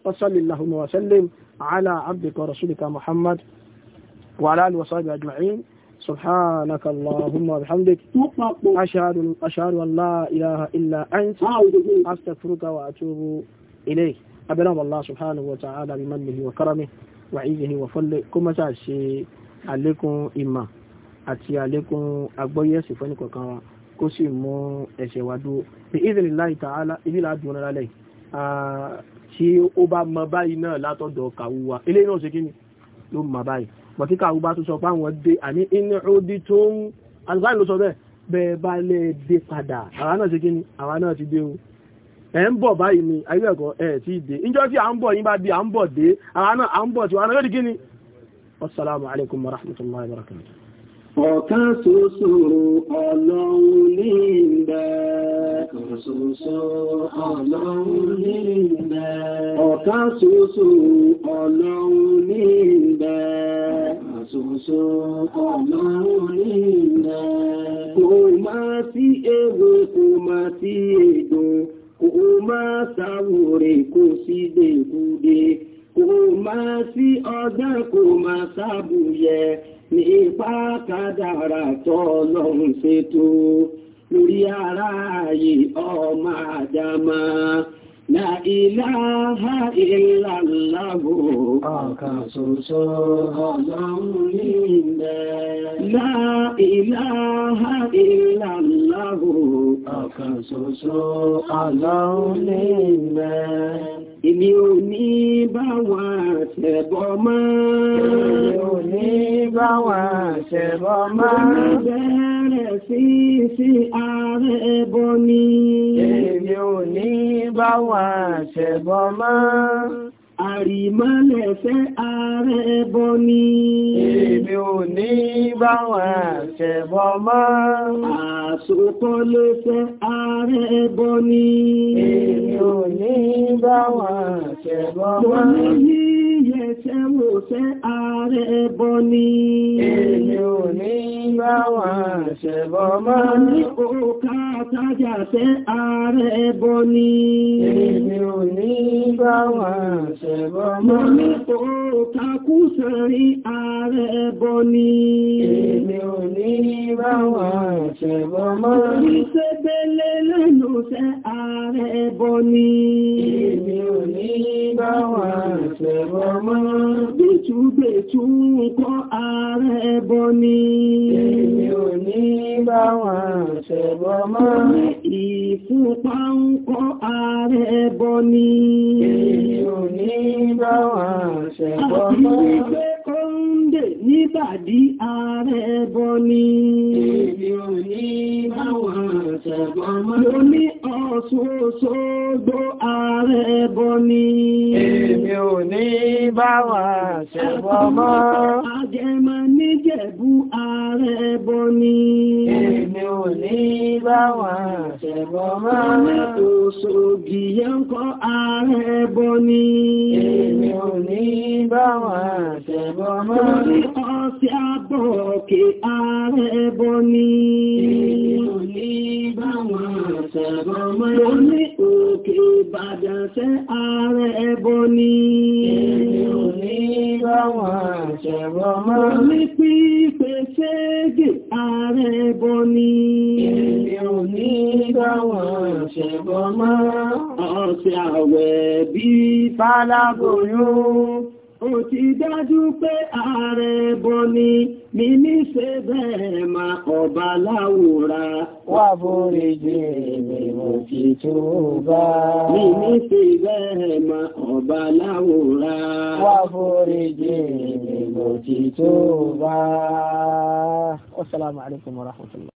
wa sallallahu wa sallim ala abdika rasulika سبحانك اللهم وبحمدك أشهد أشهد أن لا إلا أنت أستغفرك وأتوب إليك أبلغ الله سبحانه وتعالى بمنه وكرمه wà ìyẹ̀hìn fọ́lẹ̀ kó má ṣáà ṣe àlékún ìmọ̀ àti àlékún agbọ́yé fún ẹnìkọ̀ọ̀kan wa kó sì mú ẹ̀ṣẹ̀ wa dúró bí ìdílé láì tààlà ibi láàdùn ọ̀nà lálẹ́ tí ó bá mọ báyìí náà látọ̀dọ̀ kàwú wa ilé náà ṣe kí ni ló mọ báyìí mọ̀ kí kàwú bá tún sọ fáwọn dé àní inú odi tó ń alùpàá ìlú sọ bẹ́ẹ̀ bẹ́ẹ̀ bá lè dé padà àwa náà ṣe kí ni náà ti dé o ẹ̀ ń bọ̀ báyìí ni ayé ẹ̀kọ́ ẹ̀ tí ì dé níjọ́ tí à ń bọ̀ yín bá di à ń bọ̀ dé àwọn náà à ń bọ̀ tí wọn náà lórí kíni. wasalaamu alaykum wa rahmatulahi wa barakatu. ọ̀kan ṣoṣo ọlọ́run ní ìgbà ọ̀kan ṣoṣo ọlọ́run ní ìgbà ọ̀kan ọlọ́run ní ìgbà kò má sí ewu kò má sí èdò kò máa sáwòrè kò sí dèkúdé kò máa sí ọdẹ́ kò máa sábùyẹ ní ipá kádàrà tọ́lọ́run ṣètò lórí ara ààyè ọmọ àdámá La ìláhà ìlàláwò ọ̀kan ṣoṣo ọlọ́run ní ilẹ̀. La ìláhà ìlàláwò ọ̀kan ṣoṣo ọlọ́run ní ilẹ̀. Èmi ò ní bá wa ṣẹbọ mọ́. Èmi ò ní bá wa ṣẹbọ mọ́. Èmi bẹ̀rẹ̀ sí sí ààrẹ ẹbọ ni. Èmi ò ní bá wa wá ṣẹ̀bọ̀ máa àrìmọ́lẹ̀fẹ́ ààrẹ bọ́ ní. Èmi ò ní báwọn àṣẹ̀bọ mọ́. Àṣòkọ́ ló fẹ́ ààrẹ bọ́ ní. Èmi ò ní báwọn àṣẹ̀bọ mọ́. Mo ní yẹ̀ṣẹ́ wò fẹ́ ní. Èmi ò ní mọ́. Mo ní òkà ò ní báwọn àṣẹ̀bọ mọ́ ẹbọ mọ́ ní òun sẹ́rí ààrẹ ẹbọ ni èmi ò ní bá wọn ṣẹbọ mọ́ ní sẹ́bẹ̀lẹ̀ lẹ́nu sẹ́ ààrẹ ẹbọ ni èmi ò ní bá wọn ṣẹbọ mọ́ bí túbẹ̀ tún kọ́ ààrẹ ẹbọ ni wọn ṣẹ̀bọ̀ mọ́. Ìfúnpá ń kọ́ ààrẹ bọ́ ní. Èyí ò ní bá wọn ṣẹ̀bọ̀ mọ́ oníbàdí ààrẹ ẹbọ ni. Èmi ò ní báwọn ṣẹ̀bọ mọ́. Mo ní Ọ̀ṣun Òṣogbo ààrẹ ẹbọ ni. Èmi ò ní báwọn ṣẹ̀bọ mọ́. Àjẹmọ́ níjẹ̀bú ààrẹ ẹbọ ni. Èmi ò ní báwọn ṣẹ̀bọ mọ́. Mo ní Òṣogì yẹn kọ́ ààrẹ ẹbọ ni. mọ́ sí àbọ̀ òkè ààrẹ bọ́ ní. Èèyàn ní báwọn àṣàbọ̀ mọ́. Mo ní òkè Ìbàdàn sẹ́ ààrẹ bọ́ ní. Èèyàn ní báwọn àṣàbọ̀ mọ́. Mo ní pípe ségè ààrẹ bọ́ ní. Èèyàn ní báwọn àṣàbọ̀ mọ́. Ọ̀sẹ̀ àwẹ̀ bíi ó ti dájú pé ààrẹ bọ́ ni mi ní ṣe bẹ́ẹ̀ ma ọba láwùra. Wà bórí jẹ́ èmi mo tó bá. Mi ní ṣe bẹ́ẹ̀ ma ọba láwùra. Wà bórí jẹ́ èmi mo tó bá.